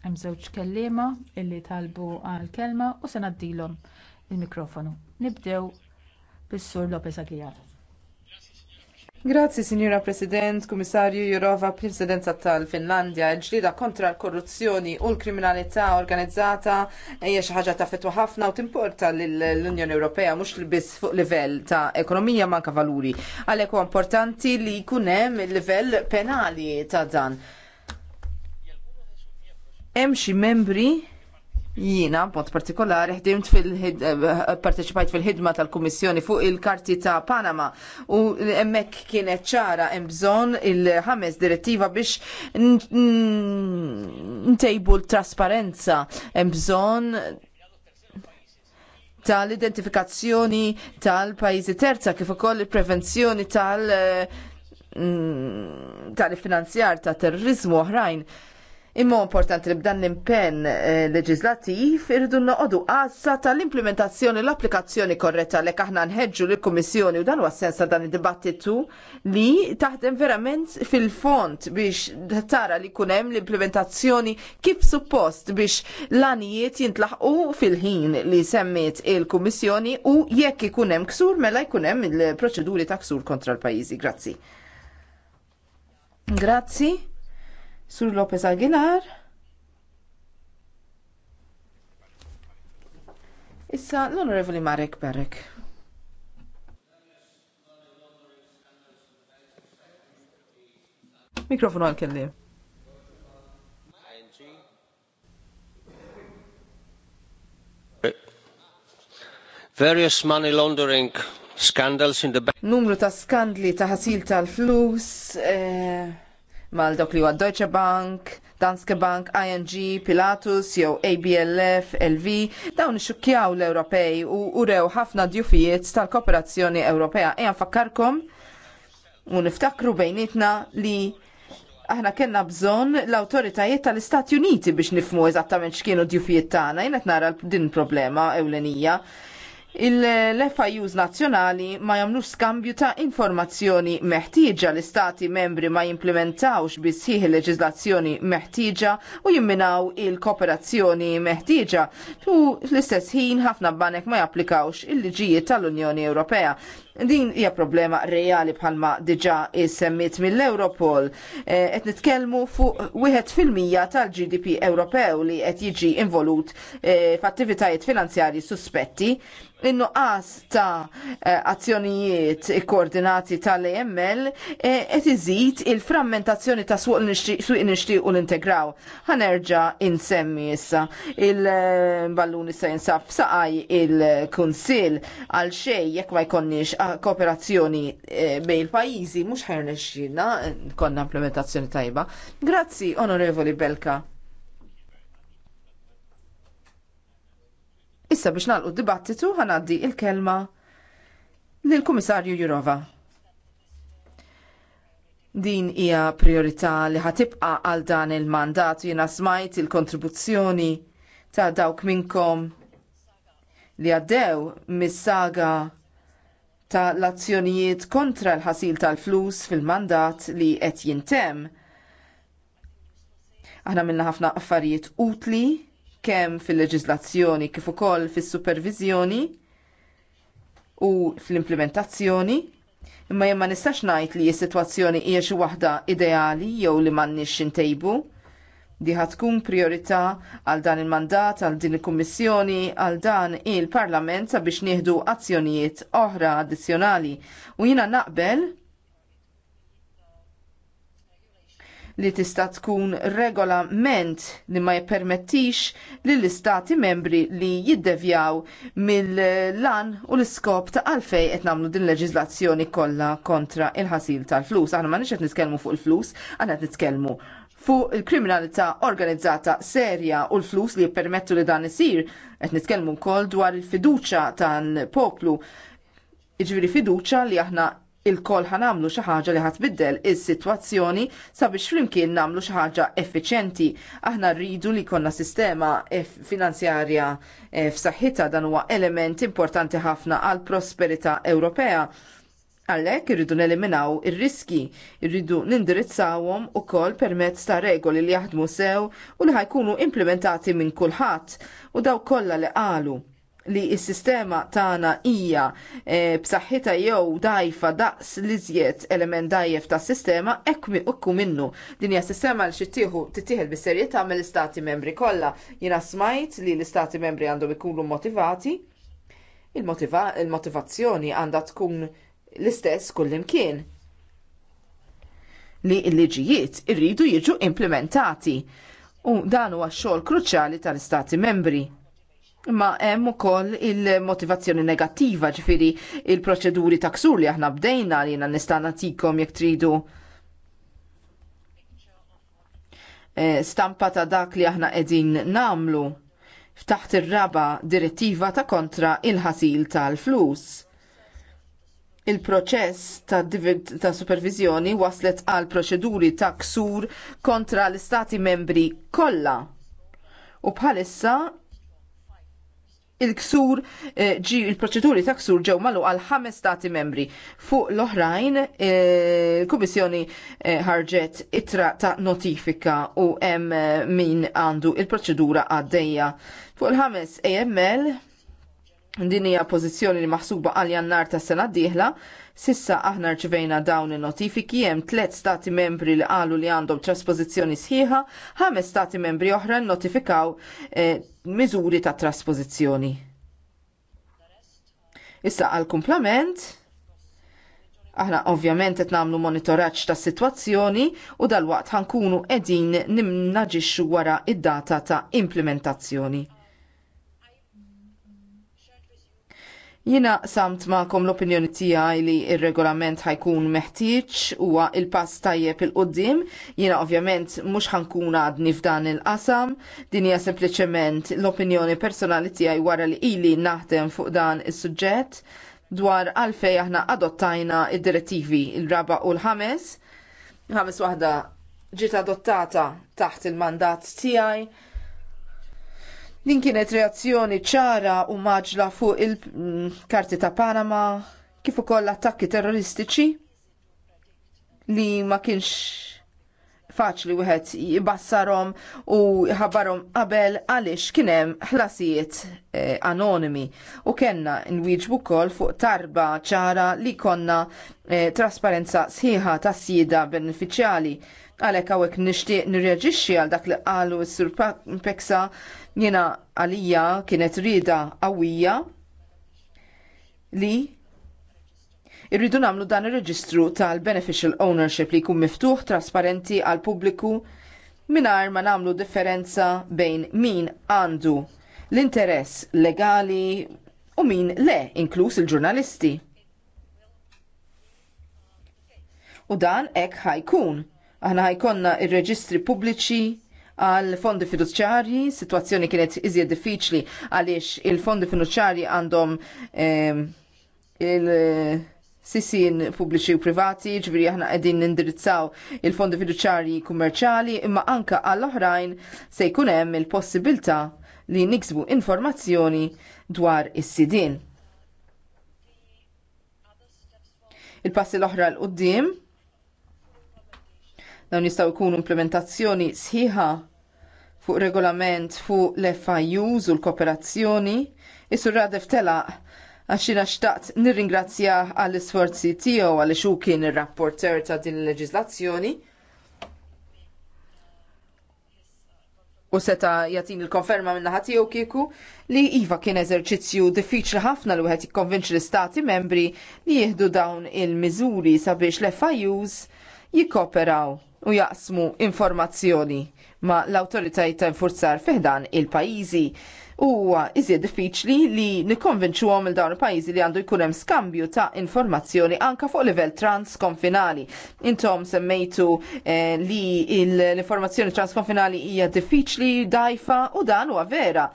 Hemm żewġ kelliema illi talbu għal kelma u se ngħaddilhom il-mikrofonu. Nibdew bis-Sur Lopez Aguilar. Grazzi, Signora
President, Kummissarju Jurova, Presidenza tal-Finlandja, ġlida kontra l-korruzzjoni u l-kriminalità organizzata hija xi ħaġa tafetwa ħafna u timporta l-Unjoni Ewropea mhux biss fuq livell ta' ekonomija manka valuri. Għalhekk huwa importanti li jkun hemm il-livell penali ta' dan. Hemm xi membri Jiena, b'mod partikolari, ħdimt fil-parteċipajt eh, fil-ħidma tal-Kummissjoni fuq il-karti ta' Panama u hemmhekk kienet ċara hemm bżonn il-ħames direttiva biex ntejbu l-trasparenza hemm bżonn tal-identifikazzjoni tal-pajjiżi terza kif ukoll il-prevenzjoni tal- eh, tal-finanzjar ta' terrorizmu oħrajn. Imma importanti li b'dan l-impenn eh, leġislattiv irridu noqogħdu għazza tal-implementazzjoni l-applikazzjoni korretta li aħna nħeġġu lill kummissjoni u dan huwa sensa dan id-dibattitu li taħdem verament fil-font biex tara li jkun hemm l-implementazzjoni kif suppost biex l-anijiet jintlaħqu fil-ħin li semmiet il-Kummissjoni u jekk ikun hemm ksur mela jkun hemm il-proċeduri ta' ksur kontra l-pajjiżi. Grazzi. Grazzi. Sur Lopez Aguilar. Issa l-Onorevoli Marek Berek.
Mikrofonu
għal-kelli. Various money laundering scandals in the back.
Numru ta' skandli ta' ħasil tal-flus. Eh mal dok li huwa Deutsche Bank, Danske Bank, ING, Pilatus, jew ABLF, LV, dawn ixxukkjaw l-Ewropej u urew ħafna djufijiet tal-Kooperazzjoni Ewropea. Ejja nfakkarkom u niftakru bejnietna li aħna kellna bżonn l awtoritajiet tal-Istati Uniti biex nifmu eżattament x'kienu djufijiet tagħna, jien qed nara din problema ewlenija il-FIUs nazzjonali ma jagħmlux skambju ta' informazzjoni meħtieġa l-istati membri ma jimplementawx bisħiħ il-leġizlazzjoni meħtieġa u jimminaw il-kooperazzjoni meħtieġa u l-istess ħin ħafna banek ma japplikawx il-liġijiet tal-Unjoni Ewropea. Din hija problema reali bħalma diġà semmit mill-Europol. Eh, qed nitkellmu fuq wieħed fil-mija tal-GDP Ewropew li qed jiġi involut eh, f'attivitajiet finanzjarji suspetti in-nuqqas ta' eh, azzjonijiet koordinati tal eml qed iżid il-frammentazzjoni ta' suq nixtieq u l-integraw. Ħanerġa' insemmi issa il balluni sa' jinsab saqaj il-Kunsill għal xejn jekk ma jkollniex kooperazzjoni eh, bejn il-pajjiżi mhux ħernexxina konna implementazzjoni tajba. Grazzi, Onorevoli Belka. Issa biex nalqu dibattitu ħanaddi il-kelma lill-Kummissarju Jurova. Din hija priorità li ħatibqa għal dan il-mandat jiena smajt il-kontribuzzjoni ta' dawk minnkom li għaddew mis-saga ta' l-azzjonijiet kontra l-ħasil tal-flus fil-mandat li qed jintemm. Aħna minna ħafna affarijiet utli kemm fil-leġiżlazzjoni kif ukoll fis-supervizjoni u fl-implementazzjoni. Imma jemma nistax ngħid li s-sitwazzjoni hija xi waħda ideali jew li m'għandniex intejbu. Di tkun priorità għal dan il-mandat, għal din il-Kummissjoni, għal dan il-Parlament sabiex nieħdu azzjonijiet oħra addizzjonali. U jiena naqbel li tista' tkun regolament li ma jippermettix li l-istati membri li jiddevjaw mill-lan u l-iskop ta' għalfej qed nagħmlu din leġiżlazzjoni kollha kontra il-ħasil tal-flus. Aħna ma nix qed nitkellmu fuq il-flus, aħna qed nitkellmu fuq il-kriminalità organizzata serja u l-flus li jippermettu li dan isir, qed nitkellmu wkoll dwar il-fiduċja tal-poplu. Iġviri fiduċja li aħna il-kol ħanamlu xi ħaġa li ħatbiddel is-sitwazzjoni sabiex flimkien nagħmlu xi ħaġa effiċjenti. Aħna rridu li jkollna sistema finanzjarja eh, f'saħħitha dan huwa element importanti ħafna għall prosperità Ewropea Għalhekk irridu neliminaw ir-riski, irridu nindirizzawhom ukoll permezz ta' regoli li jaħdmu sew u li ħajkunu implementati minn kulħadd u daw kollha li qalu li s-sistema tagħna hija e, b'saħħitha jew dajfa daqs li żjed element dajjef tas sistema hekk ukku minnu. Din hija sistema li xittieħu tittieħed bis-serjetà mill-istati membri kollha. Jiena smajt li l-istati membri għandhom ikunu motivati. Il-motivazzjoni il għandha tkun l-istess kullimkien li l-liġijiet irridu jiġu implementati u dan huwa xogħol kruċjali tal-Istati membri. Ma hemm ukoll il-motivazzjoni negattiva ġifiri il-proċeduri ta' ksur li aħna bdejna li jiena nista' nagħtikom jekk tridu e, stampa ta' dak li aħna qegħdin namlu ftaħt ir-raba direttiva ta' kontra il-ħasil tal-flus Il-proċess ta', ta supervizjoni waslet għal proċeduri ta' ksur kontra l-istati membri kollha. U bħalissa il-ksur eh, ġi il-proċeduri ta' ksur ġew malu għal ħames stati membri. Fuq l-oħrajn eh, il-Kummissjoni eh, ħarġet itra ta' notifika u hemm min għandu il-proċedura għaddejja. Fuq il-ħames AML Din hija pożizzjoni li maħsuba għal jannar tas sena d-dieħla, sissa aħna rċivejna dawn il-notifiki hemm tliet stati membri li qalu li għandhom traspożizzjoni sħiħa, ħames stati membri oħra notifikaw eh, miżuri ta' traspożizzjoni. Issa għal kumplament aħna ovvjament qed nagħmlu monitoraġġ tas-sitwazzjoni u dalwaqt ħankunu qegħdin nimnaġixxu wara id-data ta' implementazzjoni. Jina samt ma'kom l-opinjoni tiegħi li il regolament ħajkun meħtieġ huwa il-pass tajjeb il-qoddim, jina ovvjament mhux ħankun għadni f'dan il-qasam, din hija sempliċement l-opinjoni personali tiegħi wara li ili naħdem fuq dan is-suġġett dwar għalfej aħna adottajna id-direttivi il-raba u l-ħames. Ħames waħda ġiet adottata taħt il-mandat tiegħi Din kienet reazzjoni ċara u maġla fuq il-karti ta' Panama, kif ukoll attakki terroristiċi li ma kienx faċli wieħed jibassarhom u ħabarhom qabel għaliex kien hemm ħlasijiet eh, anonimi u kellna nwieġbu wkoll fuq tarba ċara li konna eh, trasparenza sħiħa tas sjida benefiċjali Għalhekk hawnhekk nixtieq nirreġixxi għal dak li qalu s-sur Peksa Jiena għalija kienet rida qawwija li irridu nagħmlu dan ir-reġistru tal-beneficial ownership li jkun miftuħ trasparenti għal pubbliku mingħajr ma nagħmlu differenza bejn min għandu l-interess legali u min le, inkluż il-ġurnalisti. U dan ek ħajkun. Aħna ħajkonna il reġistri pubbliċi għal fondi fiduċjarji, situazzjoni kienet iżjed diffiċli għaliex il-fondi fiduċjarji għandhom eh, il- sissin pubbliċi u privati, ġviri aħna qegħdin nindirizzaw il-fondi fiduċjarji kummerċali, imma anka għall-oħrajn se jkun hemm il-possibilità li niksbu informazzjoni dwar is-sidin. Il-passi l-oħra l-qoddim dawn jistgħu jkunu implementazzjoni sħiħa fuq regolament fuq l-FIUs u l-kooperazzjoni. Isur Radef telaq għaxina xtaqt nirringrazzja għall isforzi tiegħu għal xu kien ir-rapporter ta' din il-leġiżlazzjoni. U seta jatin il-konferma minna ħatiju kieku li Iva kien eżerċizzju diffiċli ħafna li wieħed jikkonvinċi l-istati membri li jieħdu dawn il-miżuri sabiex l-FIUs jikkoperaw u jaqsmu informazzjoni ma l-autoritajiet ta' infurzar fiħdan il-pajizi huwa iżjed diffiċli li nikkonvinċuhom il dawn il-pajjiżi li għandu jkun hemm skambju ta' informazzjoni anka fuq livell transkonfinali. Intom semmejtu eh, li l-informazzjoni transkonfinali hija diffiċli, dajfa u dan huwa vera.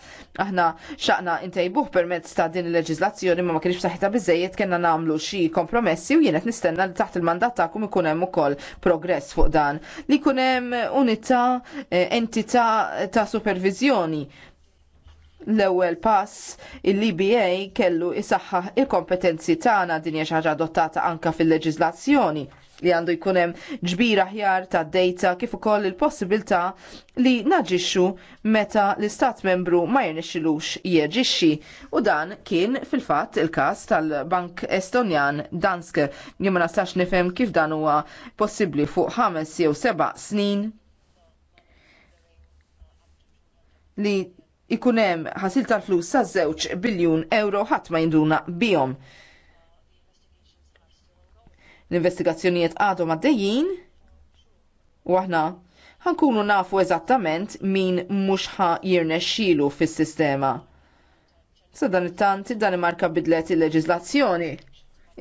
Aħna xaqna intejbuh permezz ta' din il-leġiżlazzjoni ma ma kienx taħita biżejjed kena nagħmlu xi kompromessi u jienet nistenna li taħt il-mandat kum ikun hemm ukoll progress fuq dan. Li jkun hemm unità eh, entità ta' supervizjoni l-ewwel pass il-LBA kellu isaħħaħ il-kompetenzi tagħna din hija xi ħaġa adottata anke fil-leġiżlazzjoni li għandu jkun hemm ġbir aħjar ta' data kif ukoll il-possibilità li naġixxu meta l-istat membru ma jirnexxilux jeġixxi u dan kien fil-fatt il-każ tal-Bank Estonjan Danske jien ma nistax nifhem kif dan huwa possibbli fuq ħames jew seba' snin li ikun hemm ħasil tal-flus sa' żewġ biljun euro ħadd ma jinduna bihom. L-investigazzjonijiet għadhom għaddejjin u aħna ħankunu nafu eżattament min mhux ħa jirnexxielu fis-sistema. Sa dan it-tant id-Danimarka bidlet il-leġiżlazzjoni.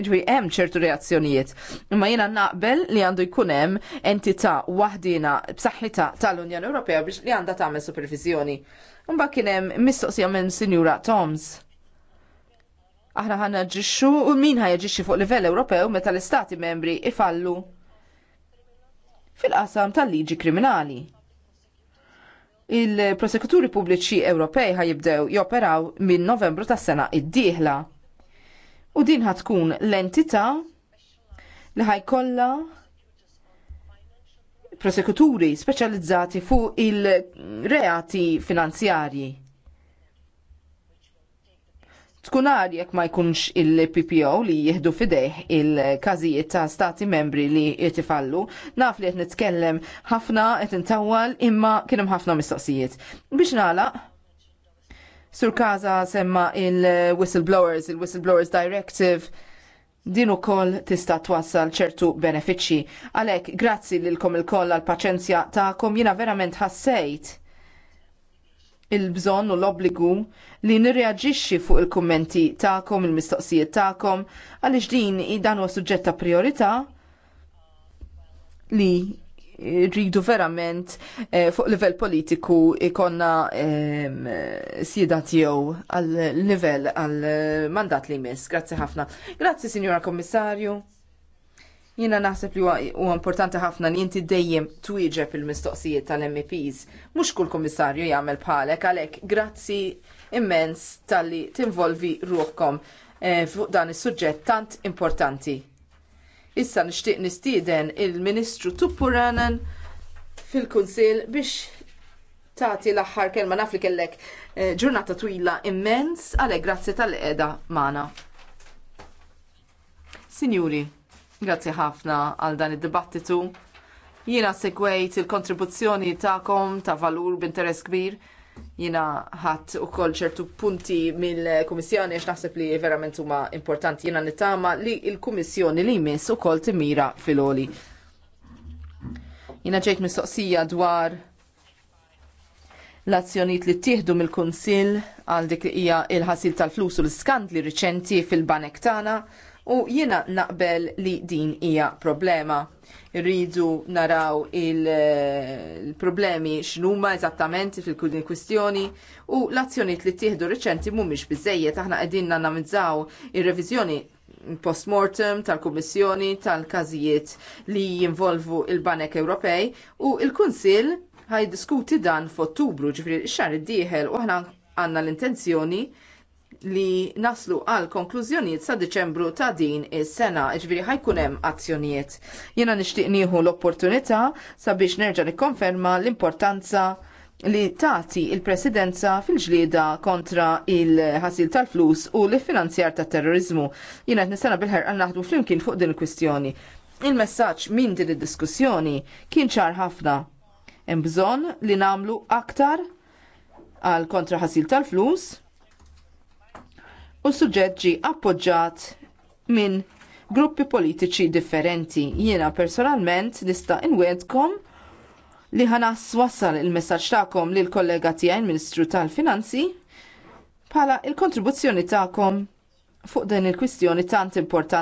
Ġwi hemm ċertu reazzjonijiet. Imma jiena naqbel li għandu jkun hemm entità waħdina b'saħħitha tal-Unjoni Ewropea biex li għandha tagħmel supervizjoni. Imbagħad kien hemm mistoqsija minn Sinjura Toms. Aħna ħana ġixxu u min ħajġixxi fuq livell Ewropew meta l-istati membri ifallu fil-qasam tal-liġi kriminali. Il-prosekuturi pubbliċi Ewropej ħajibdew joperaw minn Novembru tas-sena id-dieħla U din ħatkun l-entità li ħajkolla prosekuturi speċjalizzati fuq il-reati finanzjarji. Tkunar jekk ma jkunx il-PPO li jihdu fideħ il-kazijiet ta' stati membri li jtifallu, naf li jtnitkellem nitkellem ħafna, jtintawal intawal, imma kienem ħafna mistoqsijiet. Biex nalaq, Sur Kaza semma il-Whistleblowers, il-Whistleblowers Directive, din ukoll tista' twassal ċertu benefiċċji. Għalhekk grazzi lilkom il-koll għall-paċenzja tagħkom jiena verament ħassejt il-bżonn u l-obbligu li nirreaġixxi fuq il-kummenti tagħkom, il-mistoqsijiet tagħkom, għaliex din dan huwa suġġetta ta' li rridu verament eh, fuq livell politiku ikonna eh, sieda tiegħu għal livell għal mandat li jmiss. Grazzi ħafna. Grazzi Sinjora Kommissarju. Jiena naħseb li huwa importanti ħafna li inti dejjem twieġeb il-mistoqsijiet tal-MEPs. Mhux kull kummissarju jagħmel bħalek għalhekk grazzi immens talli tinvolvi ruħkom eh, fuq dan is-suġġett tant importanti. Issa nixtieq nistieden il-Ministru Tuppuranen fil-Kunsill biex tagħti l-aħħar kelma naf li kellek eh, ġurnata twila immens għalhekk grazzi tal qiegħda magħna. Sinjuri, grazzi ħafna għal dan id-dibattitu. Jiena segwejt il-kontribuzzjoni tagħkom ta' valur b'interess kbir jina ħadd ukoll ċertu punti mill-Kummissjoni għax naħseb li verament huma importanti jina nittama li l-Kummissjoni li jmiss ukoll timira fil-oli. Jina ġejt mistoqsija dwar l-azzjonijiet li ttieħdu mill-Kunsill għal dik li hija l ħasil tal-flus u l-skandli riċenti fil-Banek tagħna u jiena naqbel li din hija problema. Rridu naraw eh, il-problemi x'numa eżattament fil-kwistjoni u l-azzjonijiet li tieħdu riċenti mhumiex biżejjed aħna qegħdin nanamizzaw ir-reviżjoni post-mortem tal-Kummissjoni tal-każijiet li jinvolvu il-Banek Ewropej u l kunsill diskuti dan f'Ottubru ġifri x-xahar u aħna għandna l-intenzjoni li naslu għal konklużjonijiet sa' Diċembru ta' din is-sena, ġviri ħajkun hemm azzjonijiet. Jiena nixtieq nieħu l-opportunità sabiex nerġa' nikkonferma l-importanza li tagħti l presidenza fil-ġlieda kontra il-ħasil tal-flus u l-finanzjar tat terrorizmu. Jiena qed nistana bil-ħerqa naħdmu flimkien fuq din il-kwistjoni. Il-messaġġ minn din id-diskussjoni kien ċar ħafna. Hemm bżonn li nagħmlu aktar għal kontra ħasil tal-flus u suġġett ġie appoġġjat minn gruppi politiċi differenti. Jiena personalment nista' inwedkom li ħanas wassal il-messaġġ tagħkom lil kollega tiegħi Ministru tal-Finanzi bħala il-kontribuzzjoni tagħkom fuq din il-kwistjoni tant importanti.